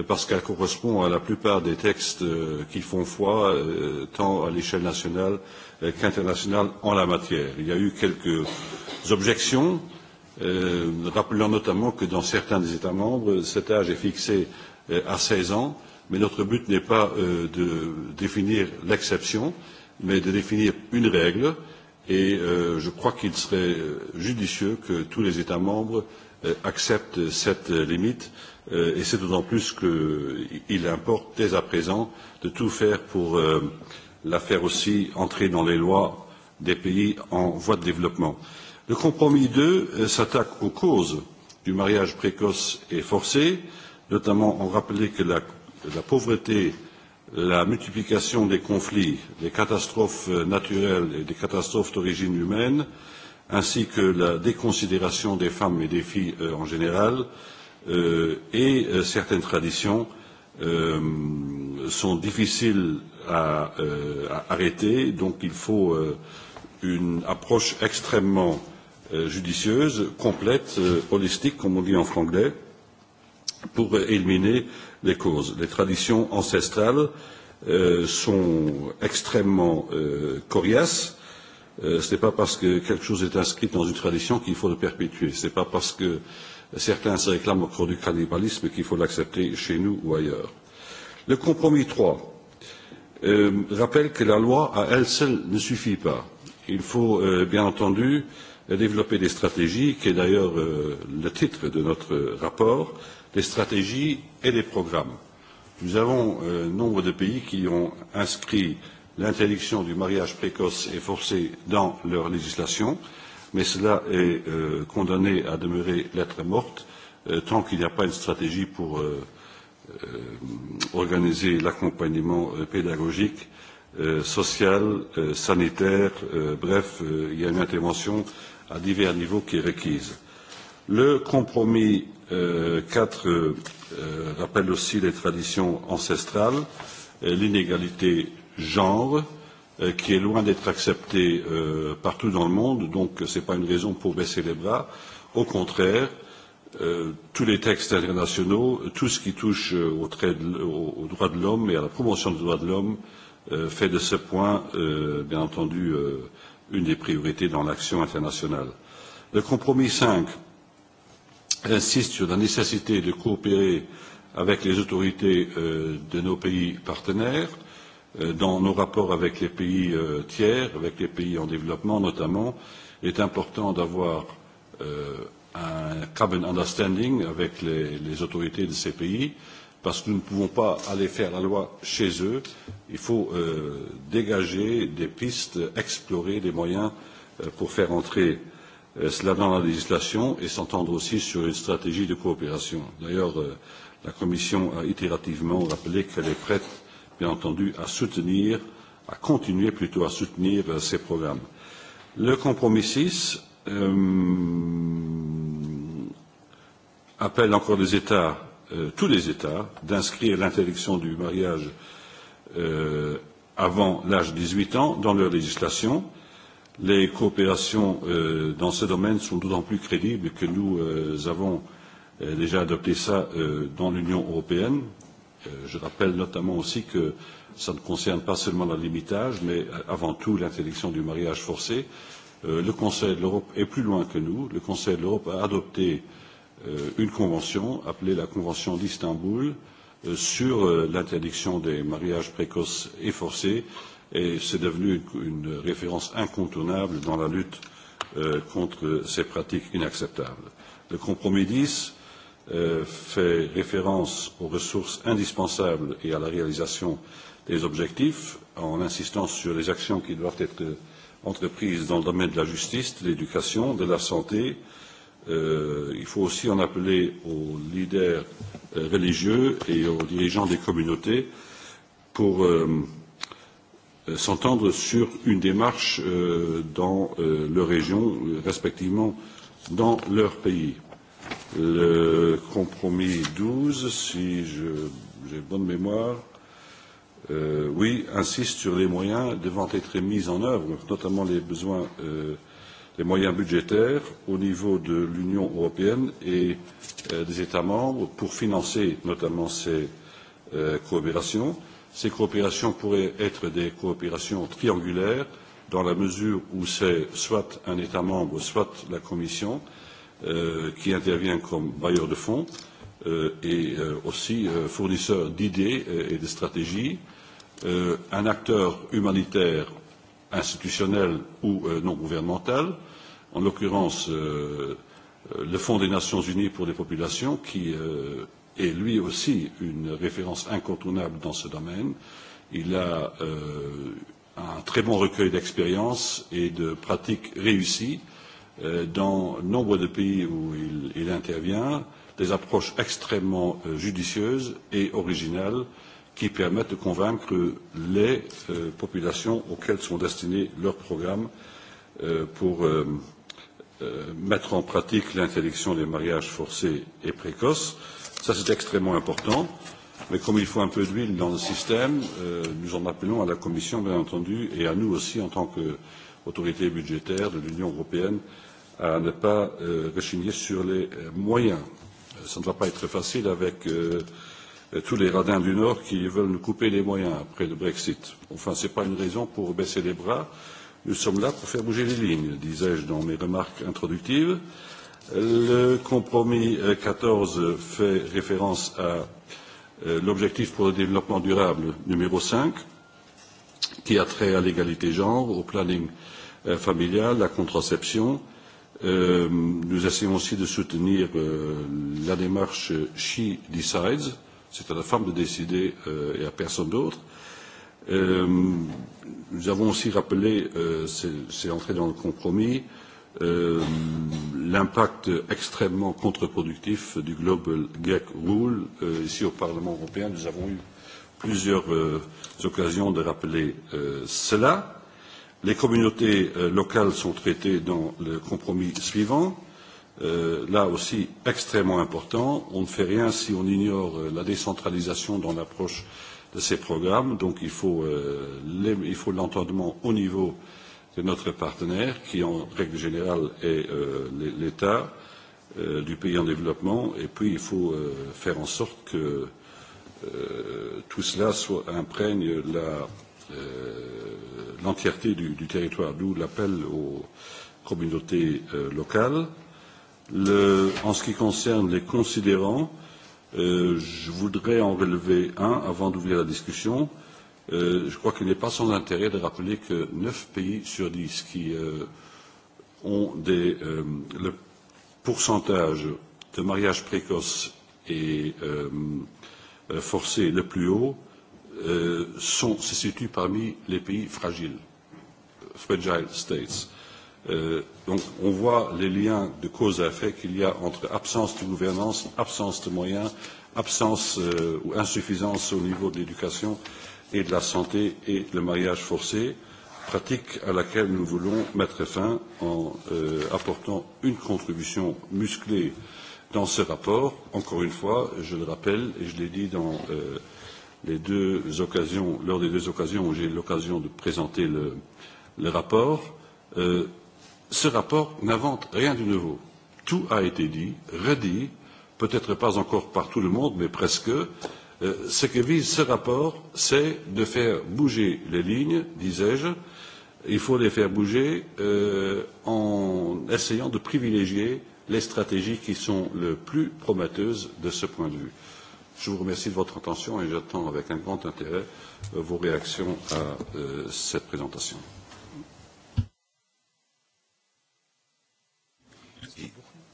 [SPEAKER 10] parce qu'elle correspond à la plupart des textes qui font foi tant à l'échelle nationale qu'internationale en la matière. Il y a eu quelques objections rappelons notamment que dans certains des États membres, cet âge est fixé à 16 ans, mais notre but n'est pas de définir l'exception, mais de définir une règle, et je crois qu'il serait judicieux que tous les États membres acceptent cette limite, et c'est d'autant plus qu'il importe dès à présent de tout faire pour la faire aussi entrer dans les lois des pays en voie de développement. Le compromis 2 s'attaque aux causes du mariage précoce et forcé, notamment en rappelant que la pauvreté, la multiplication des conflits, des catastrophes naturelles et des catastrophes d'origine humaine, ainsi que la déconsidération des femmes et des filles en général, et certaines traditions sont difficiles à arrêter, donc il faut une approche extrêmement judicieuse, complète, holistique, comme on dit en franglais, pour éliminer les causes. Les traditions ancestrales sont extrêmement coriaces. Ce n'est pas parce que quelque chose est inscrit dans une tradition qu'il faut le perpétuer. Ce n'est pas parce que certains se réclament au cours du cannibalisme qu'il faut l'accepter chez nous ou ailleurs. Le compromis 3 rappelle que la loi à elle seule ne suffit pas. Il faut bien entendu développer des stratégies, qui est d'ailleurs le titre de notre rapport, des stratégies et des programmes. Nous avons nombre de pays qui ont inscrit l'interdiction du mariage précoce et forcé dans leur législation, mais cela est condamné à demeurer lettre morte tant qu'il n'y a pas une stratégie pour organiser l'accompagnement pédagogique, social, sanitaire, bref, il y a une intervention à divers niveaux qui est requise. Le compromis 4 rappelle aussi les traditions ancestrales, l'inégalité genre, qui est loin d'être acceptée partout dans le monde, donc ce n'est pas une raison pour baisser les bras. Au contraire, tous les textes internationaux, tout ce qui touche aux droits de l'homme et à la promotion des droits de l'homme fait de ce point, bien entendu, une des priorités dans l'action internationale. Le compromis 5 insiste sur la nécessité de coopérer avec les autorités de nos pays partenaires dans nos rapports avec les pays tiers, avec les pays en développement notamment, il est important d'avoir un common understanding avec les autorités de ces pays parce que nous ne pouvons pas aller faire la loi chez eux. Il faut dégager des pistes, explorer des moyens pour faire entrer cela dans la législation et s'entendre aussi sur une stratégie de coopération. D'ailleurs, la Commission a itérativement rappelé qu'elle est prête, bien entendu, à soutenir, à continuer plutôt à soutenir ces programmes. Le compromis 6 appelle encore les États tous les États d'inscrire l'interdiction du mariage avant l'âge de 18 ans dans leur législation. Les coopérations dans ce domaine sont d'autant plus crédibles que nous avons déjà adopté ça dans l'Union européenne. Je rappelle notamment aussi que ça ne concerne pas seulement le limitage, mais avant tout l'interdiction du mariage forcé. Le Conseil de l'Europe est plus loin que nous. Le Conseil de l'Europe a adopté une convention appelée la Convention d'Istanbul sur l'interdiction des mariages précoces et forcés et c'est devenu une référence incontournable dans la lutte contre ces pratiques inacceptables. Le compromis 10 fait référence aux ressources indispensables et à la réalisation des objectifs en insistant sur les actions qui doivent être entreprises dans le domaine de la justice, de l'éducation, de la santé, il faut aussi en appeler aux leaders religieux et aux dirigeants des communautés pour s'entendre sur une démarche dans leur région, respectivement dans leur pays. Le compromis 12, si j'ai bonne mémoire, oui, insiste sur les moyens devant être mis en œuvre, notamment les besoins les moyens budgétaires au niveau de l'Union européenne et des États membres pour financer notamment ces coopérations. Ces coopérations pourraient être des coopérations triangulaires dans la mesure où c'est soit un État membre, soit la Commission qui intervient comme bailleur de fonds et aussi fournisseur d'idées et de stratégies, un acteur humanitaire institutionnelles ou non gouvernementales, en l'occurrence le Fonds des Nations Unies pour les populations, qui est lui aussi une référence incontournable dans ce domaine. Il a un très bon recueil d'expériences et de pratiques réussies dans nombre de pays où il intervient, des approches extrêmement judicieuses et originales qui permettent de convaincre les populations auxquelles sont destinés leurs programmes pour mettre en pratique l'interdiction des mariages forcés et précoces. Ça, c'est extrêmement important. Mais comme il faut un peu d'huile dans le système, nous en appelons à la Commission, bien entendu, et à nous aussi, en tant qu'autorité budgétaire de l'Union européenne, à ne pas rechigner sur les moyens. Ça ne va pas être facile avec tous les radins du Nord qui veulent nous couper les moyens après le Brexit. Enfin, ce n'est pas une raison pour baisser les bras. Nous sommes là pour faire bouger les lignes, disais-je dans mes remarques introductives. Le compromis 14 fait référence à l'objectif pour le développement durable numéro 5, qui a trait à l'égalité genre, au planning familial, à la contraception. Nous essayons aussi de soutenir la démarche She Decides C'est à la femme de décider et à personne d'autre. Nous avons aussi rappelé, c'est entré dans le compromis, l'impact extrêmement contre-productif du Global Gag Rule. Ici au Parlement européen, nous avons eu plusieurs occasions de rappeler cela. Les communautés locales sont traitées dans le compromis suivant là aussi extrêmement important. On ne fait rien si on ignore la décentralisation dans l'approche de ces programmes. Donc il faut l'entendement au niveau de notre partenaire, qui en règle générale est l'État du pays en développement. Et puis il faut faire en sorte que tout cela imprègne l'entièreté du territoire, d'où l'appel aux communautés locales En ce qui concerne les considérants, je voudrais en relever un avant d'ouvrir la discussion. Je crois qu'il n'est pas sans intérêt de rappeler que neuf pays sur dix qui ont le pourcentage de mariage précoce et forcé le plus haut se situent parmi les pays fragiles, fragile states. Donc on voit les liens de cause à effet qu'il y a entre absence de gouvernance, absence de moyens, absence ou insuffisance au niveau de l'éducation et de la santé et le mariage forcé, pratique à laquelle nous voulons mettre fin en apportant une contribution musclée dans ce rapport. Encore une fois, je le rappelle et je l'ai dit dans les deux occasions, lors des deux occasions où j'ai eu l'occasion de présenter le rapport, Ce rapport n'invente rien de nouveau. Tout a été dit, redit, peut-être pas encore par tout le monde, mais presque. Ce que vise ce rapport, c'est de faire bouger les lignes, disais-je. Il faut les faire bouger en essayant de privilégier les stratégies qui sont le plus prometteuses de ce point de vue. Je vous remercie de votre attention et j'attends avec un grand intérêt vos réactions à cette présentation.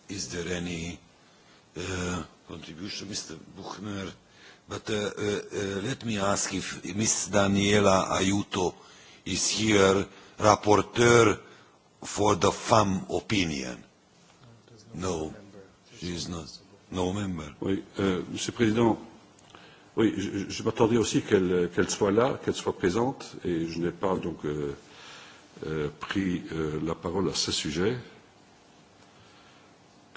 [SPEAKER 1] Is there any contribution, Mr. Buchner? But let me ask if Ms. Daniela Ayuto is here, rapporteur for the FAM opinion. No, she is not.
[SPEAKER 10] No member. Oui, Monsieur le Président, oui, je m'attendais aussi qu'elle soit là, qu'elle soit présente, et je n'ai pas donc pris la parole à ce sujet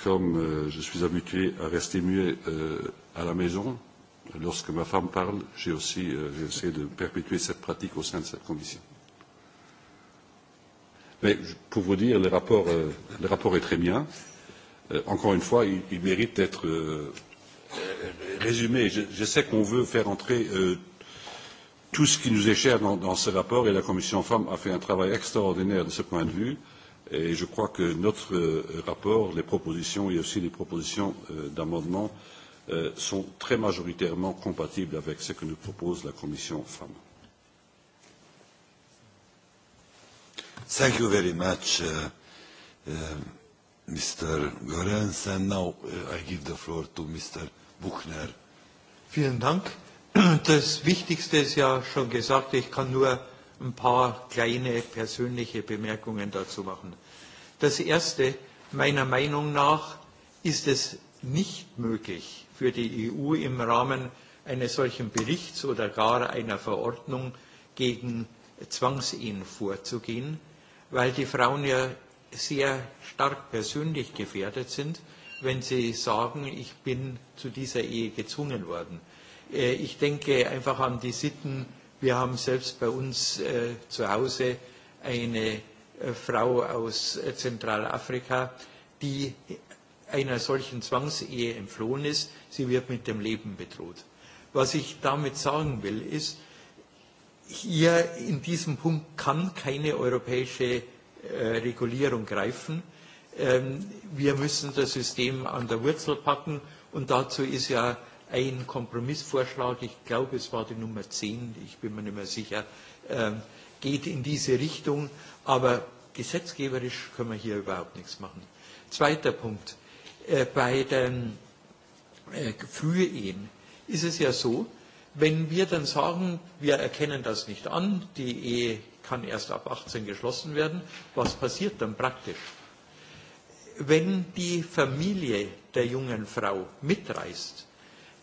[SPEAKER 10] comme je suis habitué à rester muet à la maison, lorsque ma femme parle, j'ai aussi essayé de perpétuer cette pratique au sein de cette commission. Mais pour vous dire, le rapport, le rapport est très bien. Encore une fois, il, mérite d'être résumé. Je, sais qu'on veut faire entrer tout ce qui nous est cher dans, dans ce rapport et la commission femmes a fait un travail extraordinaire de ce point de vue. Et je crois que notre rapport, les propositions et aussi les propositions d'amendement sont très majoritairement compatibles avec ce que nous propose la Commission FAM. Thank you
[SPEAKER 11] ein paar kleine persönliche Bemerkungen dazu machen. Das Erste, meiner Meinung nach, ist es nicht möglich für die EU im Rahmen eines solchen Berichts oder gar einer Verordnung gegen Zwangsehen vorzugehen, weil die Frauen ja sehr stark persönlich gefährdet sind, wenn sie sagen, ich bin zu dieser Ehe gezwungen worden. Ich denke einfach an die Sitten Wir haben selbst bei uns zu Hause eine Frau aus Zentralafrika, die einer solchen Zwangsehe entflohen ist. Sie wird mit dem Leben bedroht. Was ich damit sagen will, ist, hier in diesem Punkt kann keine europäische Regulierung greifen. Wir müssen das System an der Wurzel packen und dazu ist ja ein Kompromissvorschlag, ich glaube es war die Nummer 10, ich bin mir nicht mehr sicher, geht in diese Richtung, aber gesetzgeberisch können wir hier überhaupt nichts machen. Zweiter Punkt. Bei den Frühehen ist es ja so, wenn wir dann sagen, wir erkennen das nicht an, die Ehe kann erst ab 18 geschlossen werden, was passiert dann praktisch? Wenn die Familie der jungen Frau mitreist,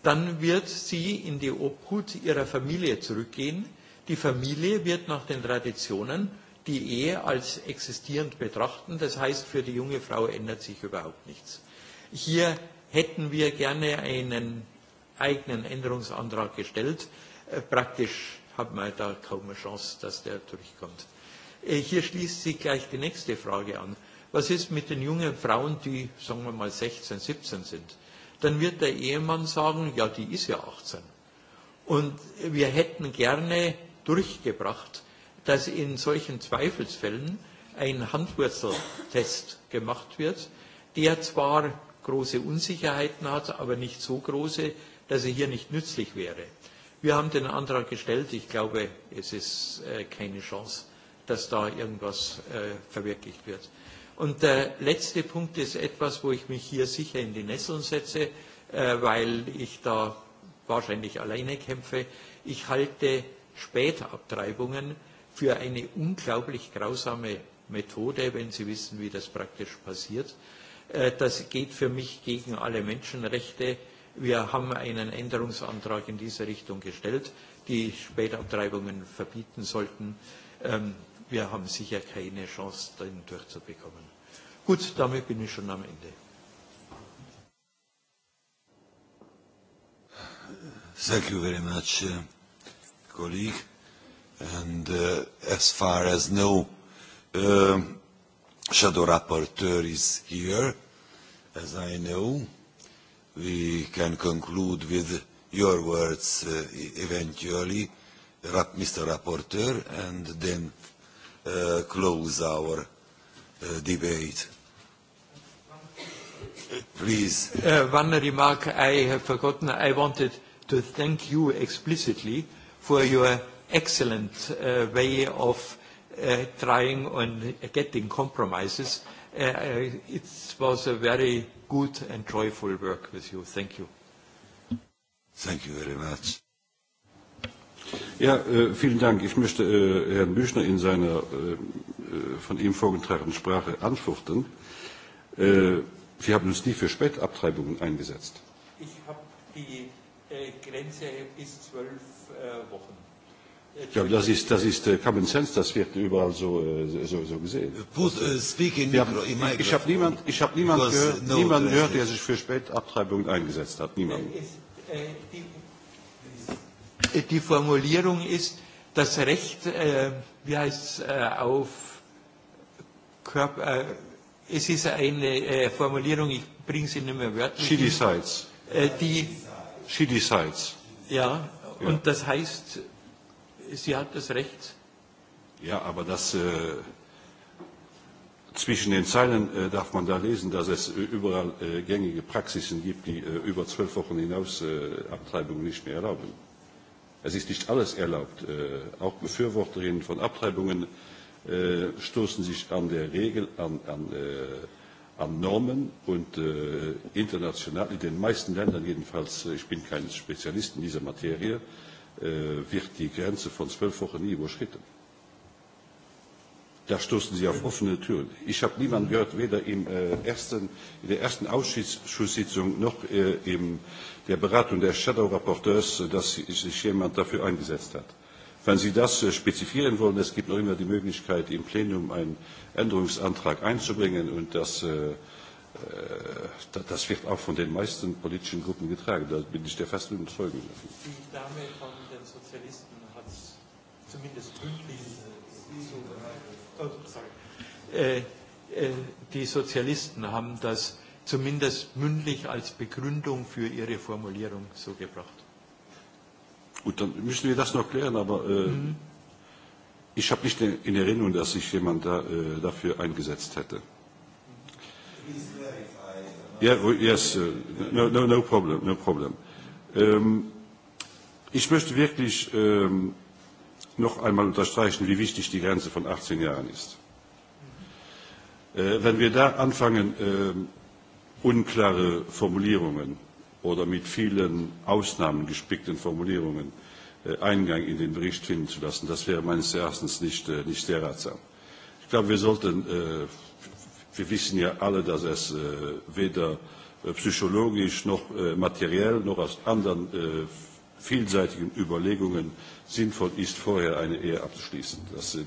[SPEAKER 11] dann wird sie in die Obhut ihrer Familie zurückgehen. Die Familie wird nach den Traditionen die Ehe als existierend betrachten. Das heißt, für die junge Frau ändert sich überhaupt nichts. Hier hätten wir gerne einen eigenen Änderungsantrag gestellt. Praktisch haben wir da kaum eine Chance, dass der durchkommt. Hier schließt sich gleich die nächste Frage an. Was ist mit den jungen Frauen, die, sagen wir mal, 16, 17 sind? dann wird der Ehemann sagen, ja, die ist ja 18. Und wir hätten gerne durchgebracht, dass in solchen Zweifelsfällen ein Handwurzeltest gemacht wird, der zwar große Unsicherheiten hat, aber nicht so große, dass er hier nicht nützlich wäre. Wir haben den Antrag gestellt. Ich glaube, es ist keine Chance, dass da irgendwas verwirklicht wird. Und der letzte Punkt ist etwas, wo ich mich hier sicher in die Nesseln setze, weil ich da wahrscheinlich alleine kämpfe. Ich halte Spätabtreibungen für eine unglaublich grausame Methode, wenn Sie wissen, wie das praktisch passiert. Das geht für mich gegen alle Menschenrechte. Wir haben einen Änderungsantrag in diese Richtung gestellt, die Spätabtreibungen verbieten sollten. Wir haben sicher keine Chance, den durchzubekommen. Gut, damit bin ich schon am Ende. Thank you very much, colleague.
[SPEAKER 1] And as far as no shadow rapporteur is here, as I know, we can conclude with your words eventually, Mr. Rapporteur, and then close our debate. Please.
[SPEAKER 11] One remark I have forgotten. I wanted to thank you explicitly for your excellent way of trying on getting compromises. It was a very good and joyful work with you. Thank you. Thank you very much. Ja,
[SPEAKER 10] vielen Dank. Ich möchte Herrn Büchner in seiner von ihm vorgetragenen Sprache antworten. Sie haben uns die für Spätabtreibungen eingesetzt.
[SPEAKER 11] Ich habe die Grenze bis zwölf Wochen.
[SPEAKER 10] Ja, das ist, das ist Common Sense, das wird überall so, so, so gesehen.
[SPEAKER 11] ich habe niemand, ich habe niemand gehört, niemand gehört, der sich
[SPEAKER 10] für Spätabtreibung eingesetzt
[SPEAKER 11] hat. Niemand. Die Formulierung ist, das Recht, wie heißt es, auf Körper, Es ist eine Formulierung, ich bringe sie nicht mehr wörtlich. She decides. Die.
[SPEAKER 10] She decides.
[SPEAKER 11] Ja, und das heißt, sie hat das Recht.
[SPEAKER 10] Ja, aber das zwischen den Zeilen darf man da lesen, dass es überall gängige Praxisen gibt, die über zwölf Wochen hinaus Abtreibungen nicht mehr erlauben. Es ist nicht alles erlaubt. Auch Befürworterinnen von Abtreibungen stoßen sich an der Regel, an, Normen und international, in den meisten Ländern jedenfalls, ich bin kein Spezialist in dieser Materie, wird die Grenze von zwölf Wochen nie überschritten. Da stoßen Sie auf offene Türen. Ich habe niemanden gehört, weder in der ersten Ausschusssitzung noch in der Beratung der Shadow Rapporteurs, dass sich jemand dafür eingesetzt hat. Wenn Sie das spezifizieren wollen, es gibt noch immer die Möglichkeit, im Plenum einen Änderungsantrag einzubringen und das, das wird auch von den meisten politischen Gruppen getragen. Da bin ich der festen Überzeugung. Die
[SPEAKER 11] Dame von den Sozialisten hat es zumindest mündlich die Sozialisten haben das zumindest mündlich als Begründung für ihre Formulierung so gebracht.
[SPEAKER 10] Gut, dann müssen wir das noch klären, aber ich habe nicht in Erinnerung, dass sich jemand dafür eingesetzt hätte. Yes, no, no, no problem, no problem. Ich möchte wirklich noch einmal unterstreichen, wie wichtig die Grenze von 18 Jahren ist. Wenn wir da anfangen, unklare Formulierungen oder mit vielen Ausnahmen gespickten Formulierungen Eingang in den Bericht finden zu lassen. Das wäre meines Erachtens nicht, sehr ratsam. Ich glaube, wir sollten, wir wissen ja alle, dass es weder psychologisch noch materiell noch aus anderen vielseitigen Überlegungen sinnvoll ist, vorher eine Ehe abzuschließen.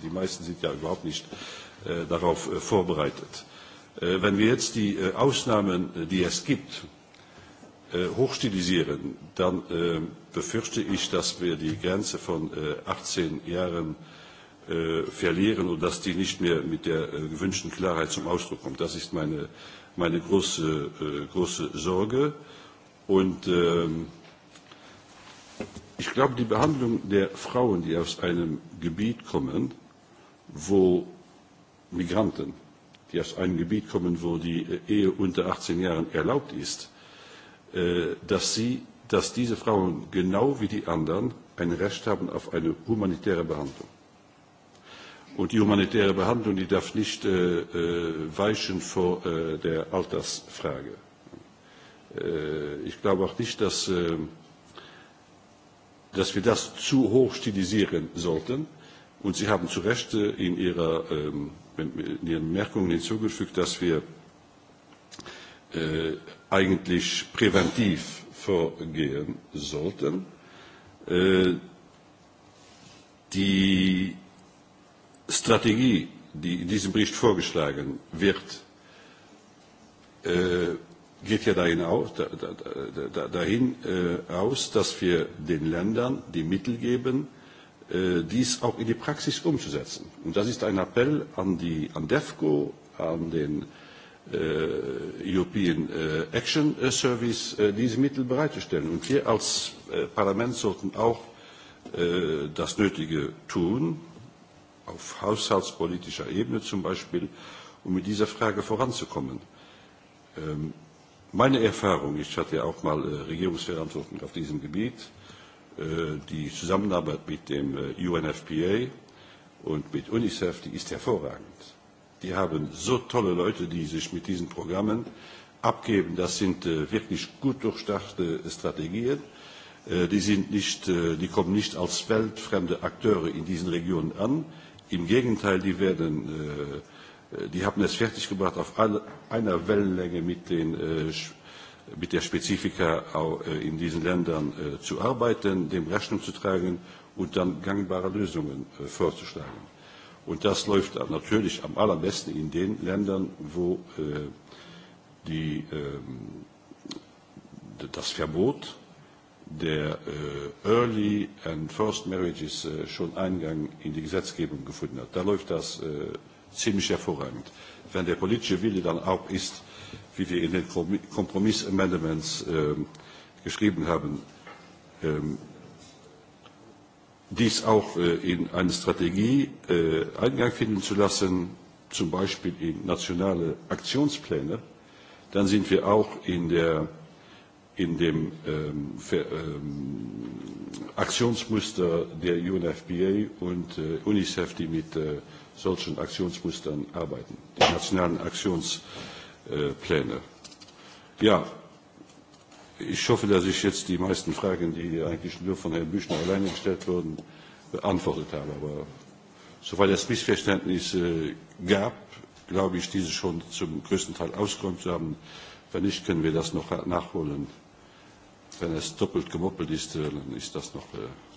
[SPEAKER 10] Die meisten sind ja überhaupt nicht darauf vorbereitet. Wenn wir jetzt die Ausnahmen, die es gibt, hochstilisieren, dann befürchte ich, dass wir die Grenze von 18 Jahren verlieren und dass die nicht mehr mit der gewünschten Klarheit zum Ausdruck kommt. Das ist meine, große, große Sorge. Und ich glaube, die Behandlung der Frauen, die aus einem Gebiet kommen, wo Migranten, die aus einem Gebiet kommen, wo die Ehe unter 18 Jahren erlaubt ist, dass diese Frauen genau wie die anderen ein Recht haben auf eine humanitäre Behandlung. Und die humanitäre Behandlung, darf nicht weichen vor der Altersfrage. Ich glaube auch nicht, dass wir das zu hoch stilisieren sollten. Und Sie haben zu Recht in Ihren Bemerkungen hinzugefügt, dass wir eigentlich präventiv vorgehen sollten. Die Strategie, die in diesem Bericht vorgeschlagen wird, geht ja dahin aus, dass wir den Ländern die Mittel geben, dies auch in die Praxis umzusetzen. Und das ist ein Appell an die an DEFCO, an den European Action Service diese Mittel bereitzustellen. Und wir als Parlament sollten auch das Nötige tun, auf haushaltspolitischer Ebene zum Beispiel, um mit dieser Frage voranzukommen. Meine Erfahrung, ich hatte ja auch mal Regierungsverantwortung auf diesem Gebiet, die Zusammenarbeit mit dem UNFPA und mit UNICEF, die ist hervorragend die haben so tolle Leute, die sich mit diesen Programmen abgeben. Das sind wirklich gut durchdachte Strategien. Die, sind nicht, die kommen nicht als weltfremde Akteure in diesen Regionen an. Im Gegenteil, die, werden, die haben es fertiggebracht, auf einer Wellenlänge mit, den, mit der Spezifika in diesen Ländern zu arbeiten, dem Rechnung zu tragen und dann gangbare Lösungen vorzuschlagen. Und das läuft natürlich am allerbesten in den Ländern, wo die, das Verbot der Early and First Marriages schon Eingang in die Gesetzgebung gefunden hat. Da läuft das ziemlich hervorragend. Wenn der politische Wille dann auch ist, wie wir in den Kompromiss-Amendments geschrieben haben, dies auch in eine Strategie Eingang finden zu lassen, zum Beispiel in nationale Aktionspläne, dann sind wir auch in, dem Aktionsmuster der UNFPA und UNICEF, die mit solchen Aktionsmustern arbeiten, die nationalen Aktionspläne. Ja, Ich hoffe, dass ich jetzt die meisten Fragen, die eigentlich nur von Herrn Büchner alleine gestellt wurden, beantwortet habe. Aber soweit es Missverständnisse gab, glaube ich, diese schon zum größten Teil ausgeräumt zu haben. Wenn nicht, können wir das noch nachholen. Wenn es doppelt gemoppelt ist, dann ist das noch,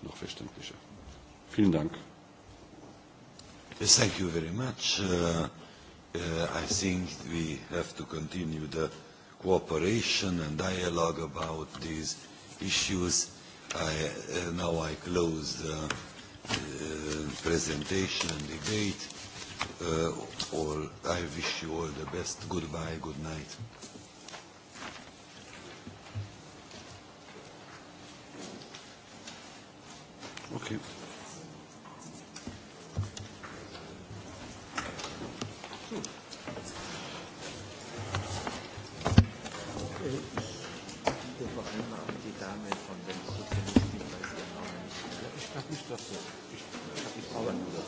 [SPEAKER 10] noch verständlicher. Vielen Dank
[SPEAKER 1] cooperation and dialogue about these issues. Now I close the presentation and debate. All I wish you all the best. Goodbye, good night.
[SPEAKER 10] Okay.
[SPEAKER 12] Dame von dem ich weiß ihren Namen nicht mehr. Ich habe